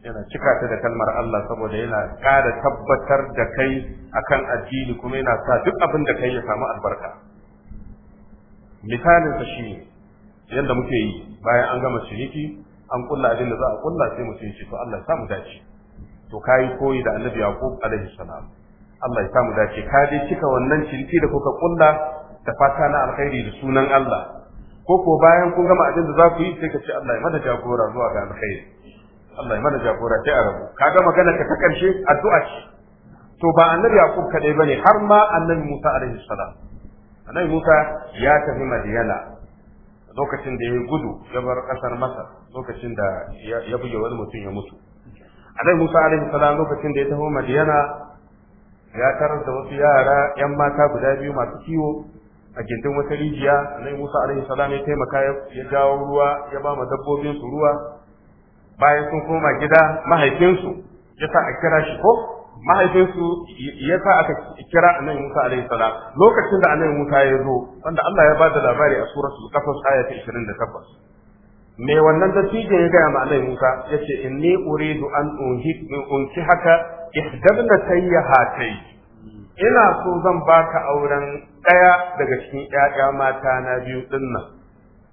yana cika ta da kalmar Allah saboda yana ƙara tabbatar da kai akan addini kuma yana sa duk abin da kai ya samu albarka misalin sa shi yadda muke yi bayan an gama shiriki, an kulla abin da za a kulla sai mu ya to Allah ya samu dace to kai koyi da Annabi Yaqub alaihi salam Allah ya samu dace ka dai cika wannan shiriki da kuka kulla da fata na alkhairi da sunan Allah ko ko bayan kun gama abin da za ku yi sai ka ce Allah ya mada jagora zuwa ga alkhairi Allah ya mana jagora sai a rabu kaga magana ka ta karshe addu'a ce to ba annabi yaqub kadai bane har ma annabi Musa alaihi salam annabi Musa ya tafi Madiyana lokacin da ya gudu ya bar kasar Masar lokacin da ya buge wani mutum ya mutu annabi Musa alaihi salam lokacin da ya tafi Madiyana ya tarar da wasu yara yan mata guda biyu masu kiwo a gindin wata rijiya annabi Musa alaihi salam ya taimaka ya jawo ruwa ya ba ma dabbobin su ruwa bayan sun koma gida mahaifinsu ya sa a kira shi ko mahaifinsu ya sa aka kira annabi Musa alaihi salam lokacin da annabi Musa ya zo wanda Allah ya bada labari a suratul qasas ayati 28 me wannan dattijo ya gaya ma Annabi Musa yace inni uridu an unki haka ihdabna tayya hatai ina so zan baka auren daya daga cikin ƴaƴa mata na biyu dinnan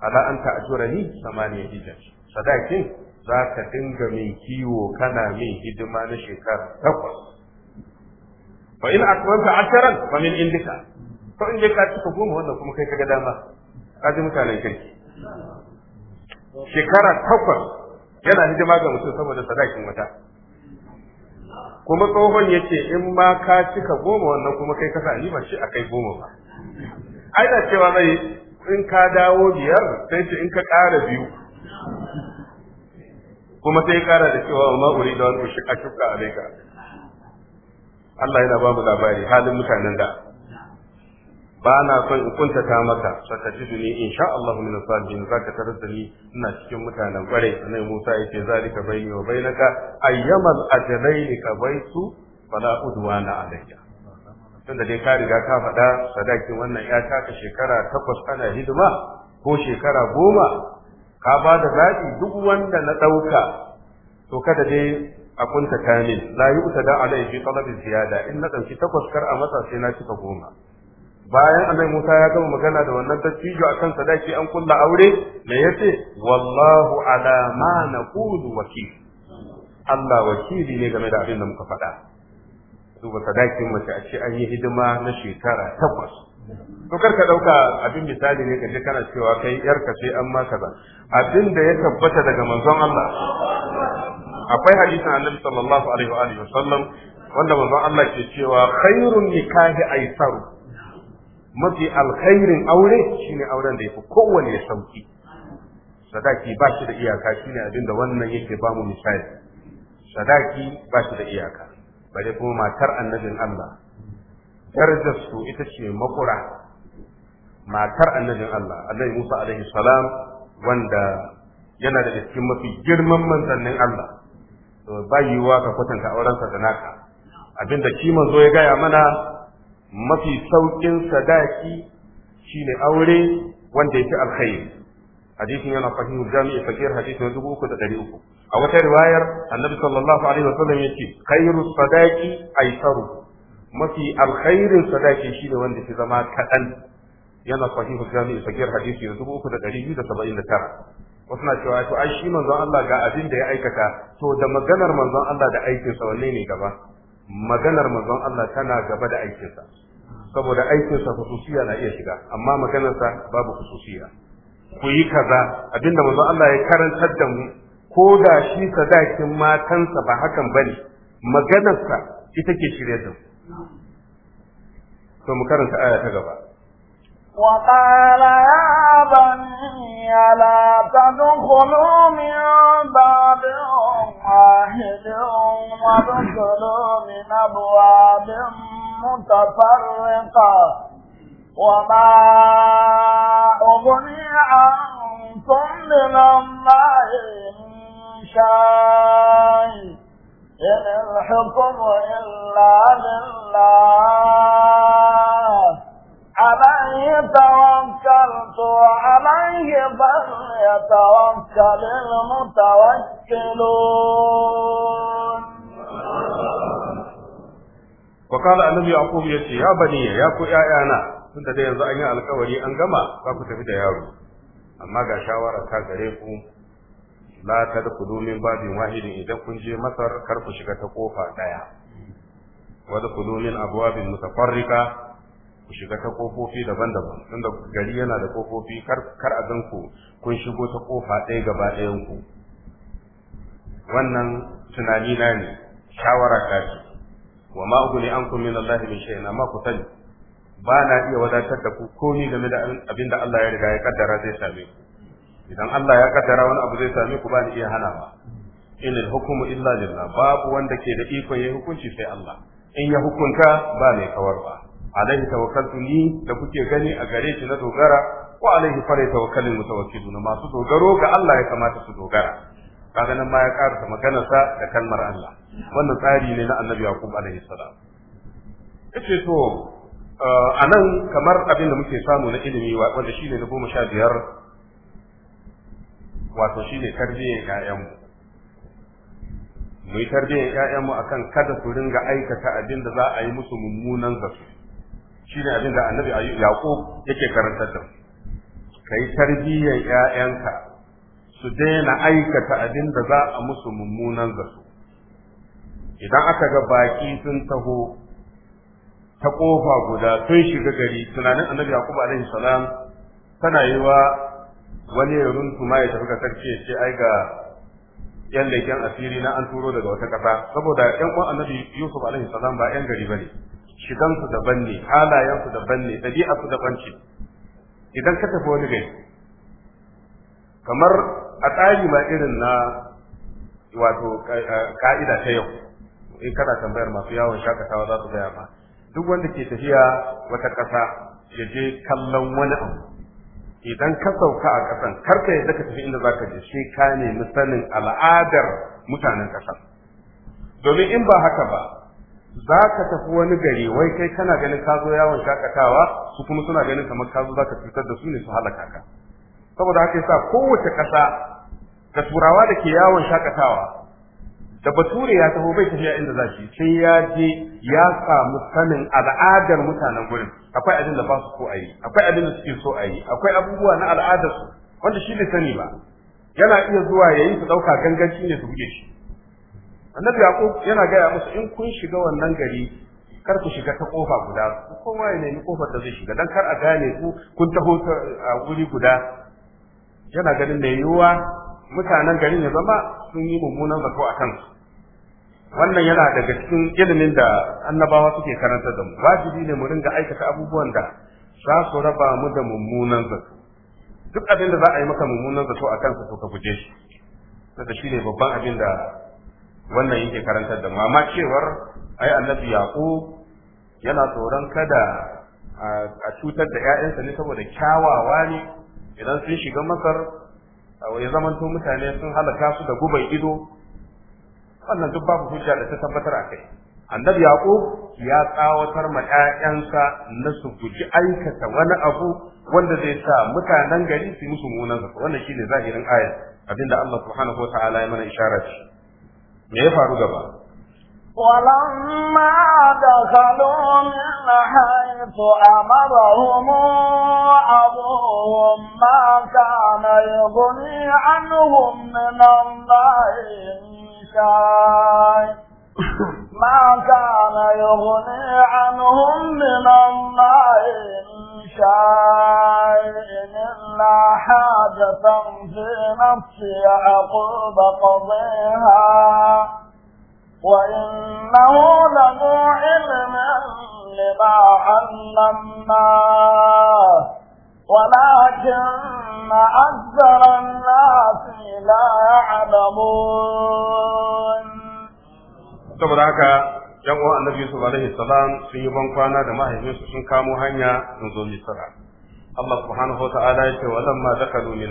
ala anta ajurani samaniya hijaj sadakin za ka dinga min kiwo kana min hidima na shekara takwas fa in akmalta asharan fa min indika ko in je ka cika goma wannan kuma kai kaga dama ka ji mutanen kirki shekara takwas yana hidima ga mutum saboda sadakin wata kuma tsohon ya ce in ma ka cika goma wannan kuma kai kasa ni ba shi a kai goma ba ai da cewa zai in ka dawo biyar sai ce in ka ƙara biyu kuma sai kara da cewa wa da wani shi kashuka a daika Allah yana ba mu labari halin mutanen da ba na son in kuntata maka saka ji in insha Allah min salihin zaka tarar da ni ina cikin mutanen kware sanai Musa yake zalika baini wa bainaka ayyamal ajalaini ka baitu fala udwana alayya tunda dai ka riga ka faɗa sadakin wannan ya taka shekara takwas ana hidima ko shekara goma ka ba da zaɓi duk wanda na ɗauka to kada dai a kunta kane la yi uta da alai fi talabi ziyada in na ɗauki takwas kar a matsa sai na cika goma bayan annabi Musa ya gama magana da wannan dattijo kan sadaki an kulla aure me yace wallahu ala ma naqulu wakil Allah wakili ne game da abin da muka faɗa duba sadakin mace a ce an yi hidima na shekara takwas to kar ka dauka abin misali ne kaje kana cewa kai yar ka sai an ma kaza abin da ya tabbata daga manzon Allah akwai hadisin annabi sallallahu alaihi wa alihi wasallam wanda manzon Allah ke cewa khairun nikahi aisaru mafi alkhairin aure shine auren da yafi kowanne sauki sadaki ba shi da iyaka shine abin da wannan yake ba mu misali sadaki ba shi da iyaka bare kuma matar annabin Allah darajar su ita ce makura matar annabin Allah annabi Musa alaihi salam wanda yana da cikin mafi girman manzannin Allah to ba yiwuwa ka kwatanta sa da naka abinda ki zo ya gaya mana mafi saukin sadaki shine aure wanda yake alkhairi hadisin yana fahimu jami'i fakir hadisi na dubu uku da dari uku a wata riwayar annabi sallallahu alaihi wasallam yace khairu sadaqi aisaru mafi alkhairin sadaki shi ne wanda ke zama kaɗan yana sahihu da sakiyar hadisi yanzu uku da ɗari biyu da saba'in da tara wasu na cewa to ai shi manzon Allah ga abin da ya aikata to da maganar manzon Allah da aikinsa wanne ne gaba maganar manzon Allah tana gaba da aikinsa saboda aikinsa khususiya na iya shiga amma maganarsa babu khususiya ku yi kaza abinda manzon Allah ya karantar da mu ko da shi sadakin matansa ba hakan bane maganarsa ita ke shirye da mu To mu karanta aya ta gaba. Wa ƙala ya bani ala ta da wa hidin wa dukkanu min abuwa bin mutafarrika. Wa ba an tun dinan ba in sha'ai. إن الحكم إلا لله عليه توكلت وعليه فليتوكل المتوكلون وقال النبي يعقوب يتي يا بني يا كو يانا tunda da yanzu an yi alkawari an gama za ku tafi da yaro amma ga shawara ta gare ku la tadkhulu min babin wahidin idan kun je masar kar ku shiga ta kofa daya wa tadkhulu min abwabin mutafarrika ku shiga ta kofofi daban-daban tunda gari yana da kofofi kar kar a ganku kun shigo ta kofa ɗaya gaba ɗayan ku wannan tunani na ne shawara ta ce wa ma uguni ankum min Allah min shay'in amma ku sani ba na iya wadatar da ku komai game da abinda Allah ya riga ya kaddara zai same ku idan Allah ya kaddara wani abu zai same ku ba ni iya hana ba in hukmu illa lillah babu wanda ke da ikon yayi hukunci sai Allah in ya hukunta ba mai kawarwa alaihi tawakkaltu ni da kuke gani a gare shi na dogara wa alaihi fara tawakkalin mutawakkilun masu dogaro ga Allah ya kamata su dogara kaga nan ma ya karasa maganarsa da kalmar Allah wannan tsari ne na Annabi Yaqub alaihi salam yace to a nan kamar abin da muke samu na ilimi wanda shine na goma sha biyar wato shine tarbiyyar 'ya'yanmu. mu yi tarbiyyar a akan kada su ringa aikata abin da za a yi musu mummunan zato shine abin da annabi yaqub yake karantar da kai tarbiyyar 'ya'yanka su daina aikata abin da za a musu mummunan zato idan aka ga baki sun taho ta kofa guda sun shiga gari tunanin annabi yaqub alaihi salam tana yi wa wani ya runtu ma ya tafi kasar ce ce ai ga yan leken asiri na an turo daga wata ƙasa saboda yan kwan annabi yusuf alaihi salam ba yan gari bane su daban ne halayen su daban ne ɗabi'arsu daban ce idan ka tafi wani gari kamar a tsari ma irin na wato ka'ida ta yau in kana tambayar masu yawon shakatawa za su gaya ma duk wanda ke tafiya wata kasa ya je kallon wani abu idan ka sauka a ƙasan kar ka yadda ka tafi inda zaka je sai ka nemi sanin al'adar mutanen ƙasan domin in ba haka ba za ka tafi wani gari wai kai kana ganin ka zo yawon shakatawa su kuma suna ganin kamar ka zo za ka cutar da su ne su halaka ka saboda haka yasa kowace ƙasa da turawa da ke yawon shakatawa da bature ya taho bai tafiya inda za shi sai ya je ya samu sanin al'adar mutanen gurin akwai abin da ba su so a yi akwai abin da suke so a yi akwai abubuwa na al'adar su wanda shi bai sani ba yana iya zuwa ya yi su ɗauka ganganci ne su buge shi annabi yaqub yana gaya musu in kun shiga wannan gari kar ku shiga ta kofa guda kowa ya nemi kofar da zai shiga dan kar a gane ku kun taho a wuri guda yana ganin mai yiwuwa mutanen garin ya zama sun yi mummunan zato a kansu wannan yana daga cikin ilimin da annabawa suke karanta da mu wajibi ne mu ringa aikata abubuwan da za su raba mu da mummunan zato duk abin da za a yi maka mummunan zato a kansa to ka guje shi saboda shi ne babban abin da wannan yake karantar da mu amma cewar ai annabi yaqub yana tsoron kada a cutar da 'ya'yansa ne saboda kyawawa ne idan sun shiga masar ya zamanto mutane sun halaka su da guban ido wannan duk babu hujja da ta tabbatar a kai annabi yaqub ya tsawatar ma ƴaƴansa na su guji aikata wani abu wanda zai sa mutanen gari su musu munan zaka wannan shine zahirin ayat abinda Allah subhanahu wataala ya mana isharar shi me ya faru gaba ولما دخلوا من حيث أمرهم أبوهم ما كان يغني عنهم من الله الشاي ما كان يغني عنهم من الله من شيء إلا حاجة في نفس يعقوب قضيها وإنه لذو علم لما علمناه ولكن أكثر الناس لا يعلمون saboda haka yan uwan annabi Yusuf alaihi salam sun yi bankwana da mahaifinsu sun kamo hanya sun zo Misra Allah ولما wa من ya أمرهم أبوهم lamma dakalu min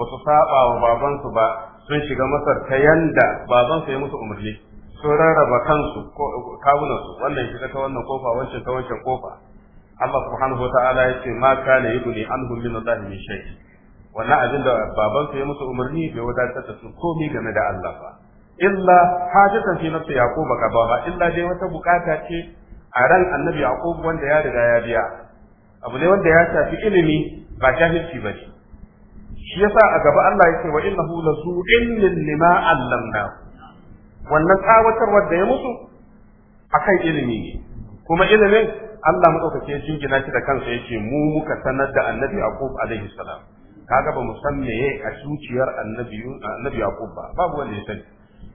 saba wa babansu ba sun shiga Masar ta yanda su ya musu umarni sun rarraba kansu kawunansu wannan shiga ta wannan kofa wancan ta wancan kofa Allah subhanahu wataala ya ce ma kana yubni anhum min Allah min shai. wannan abin da baban ya musu umarni bai wadatar da su komai game da Allah ba illa hajatan fi nafsi yaquba ba illa dai wata bukata ce a ran annabi yaqub wanda ya riga ya biya abu ne wanda ya shafi ilimi ba jahilci ba shi yasa a gaba Allah yake wa innahu lazu ilmin lima allamna wannan tsawatarwar da ya musu akan ilimi ne kuma ilimin Allah madaukake jingina shi da kansa yake mu muka sanar da annabi Yaqub alaihi salam kaga ba mu san meye a zuciyar annabi annabi Yaqub ba babu wanda ya sani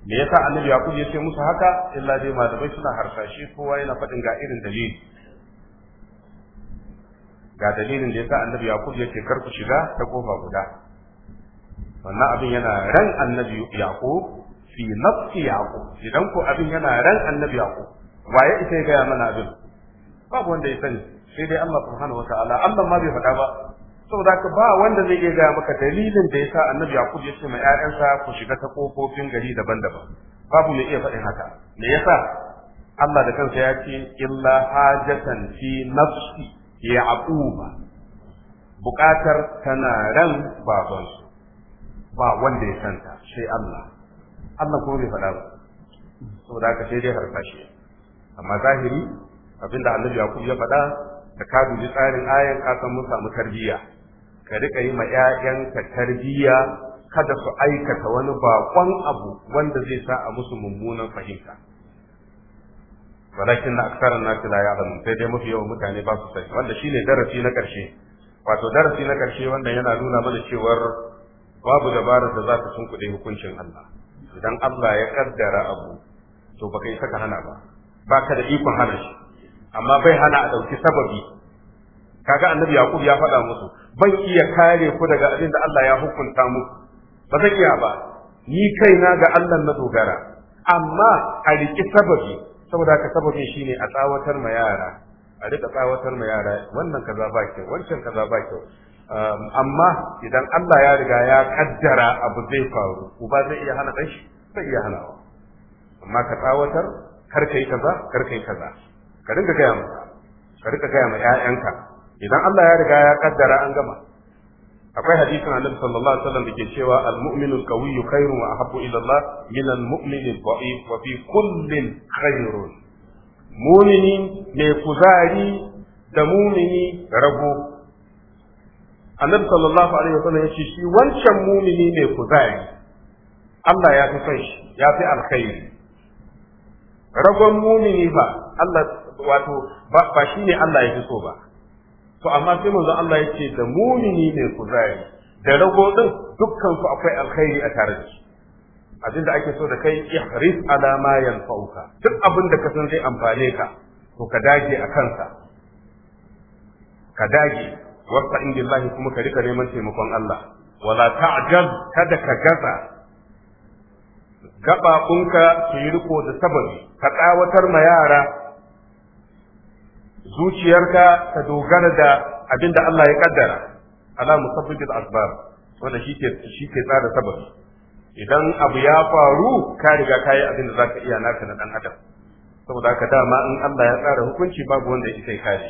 me yasa annabi Yaqub yace musu haka illa dai malamai suna harsashe kowa yana faɗin ga irin dalili ga dalilin da yasa annabi Yaqub yace kar ku shiga ta kofa guda wannan abin yana ran annabi Yaqub fi nafsi Yaqub idan ko abin yana ran annabi Yaqub waye ita ya gaya mana abin babu wanda ya sani sai dai Allah subhanahu wataala Allah ma bai faɗa ba saboda ka ba wanda zai iya gaya maka dalilin da yasa annabi Yaqub ya ce ma ƴaƴansa ku shiga ta kofofin gari daban-daban babu mai iya faɗin haka me yasa Allah da kansa ya ce illa hajatan fi nafsi yaquba bukatar tana ran babansu ba wanda ya santa sai Allah Allah ko bai faɗa ba saboda ka sai dai harfashi. amma zahiri abinda annabi yakub ya faɗa da ka dubi tsarin ayan ka san mun samu tarbiyya ka rika yi ma ka tarbiyya kada su aikata wani bakon abu wanda zai sa a musu mummunan fahimta walakin na aksaran nasi la ya'lamun sai dai mafi yawan mutane ba su sani wanda shine darasi na karshe wato darasi na karshe wanda yana nuna mana cewar babu dabarar da za ta tunkuɗe hukuncin Allah idan Allah ya kaddara abu to baka yi saka hana ba baka da ikon hana shi amma bai hana a ɗauki sababi kaga annabi yaqub ya faɗa musu ban iya kare ku daga abin da Allah ya hukunta mu ba zan iya ba ni kaina ga Allah na dogara amma a riƙi sababi saboda haka sababi shine a tsawatar ma yara a riƙa tsawatar ma yara wannan kaza ba kyau wancan kaza ba kyau um, amma idan Allah ya riga ya kaddara abu zai faru uba zai iya hana kai zai iya hanawa amma ka tsawatar kar kai kaza kar kai kaza ka rinka gaya masa ka rinka gaya ma ƴaƴanka idan Allah ya riga ya kaddara an gama akwai hadisin annabi sallallahu alaihi wasallam dake cewa al-mu'minu al-qawiyyu khairun wa ahabbu ila Allah min al-mu'mini al-dha'if wa fi kullin khairun mu'mini mai kuzari da mu'mini rabo. annabi sallallahu alaihi wasallam yace shi wancan mu'mini mai kuzari Allah ya fi son shi ya fi alkhairi ragon mu'mini ba Allah wato ba shi ne Allah ya fi so ba to amma sai manzo Allah ya ce da mumini ne ku zai da rago din dukkan su akwai alkhairi a tare da su abinda ake so da kai ihris ala ma yanfa'uka duk abin da ka san zai amfane ka to ka dage a kansa ka dage wasta inda Allah kuma ka rika neman taimakon Allah wala ta'jaz kada ka gaza gabaɓunka su yi riko da sababi ka tsawatar ma yara zuciyarka ta dogara da abin da Allah ya kaddara ala musabbibil asbab wanda shi ke tsara sababi idan abu ya faru ka riga kayi abin da zaka iya naka na dan adam saboda haka dama in Allah ya tsara hukunci babu wanda ya kai kare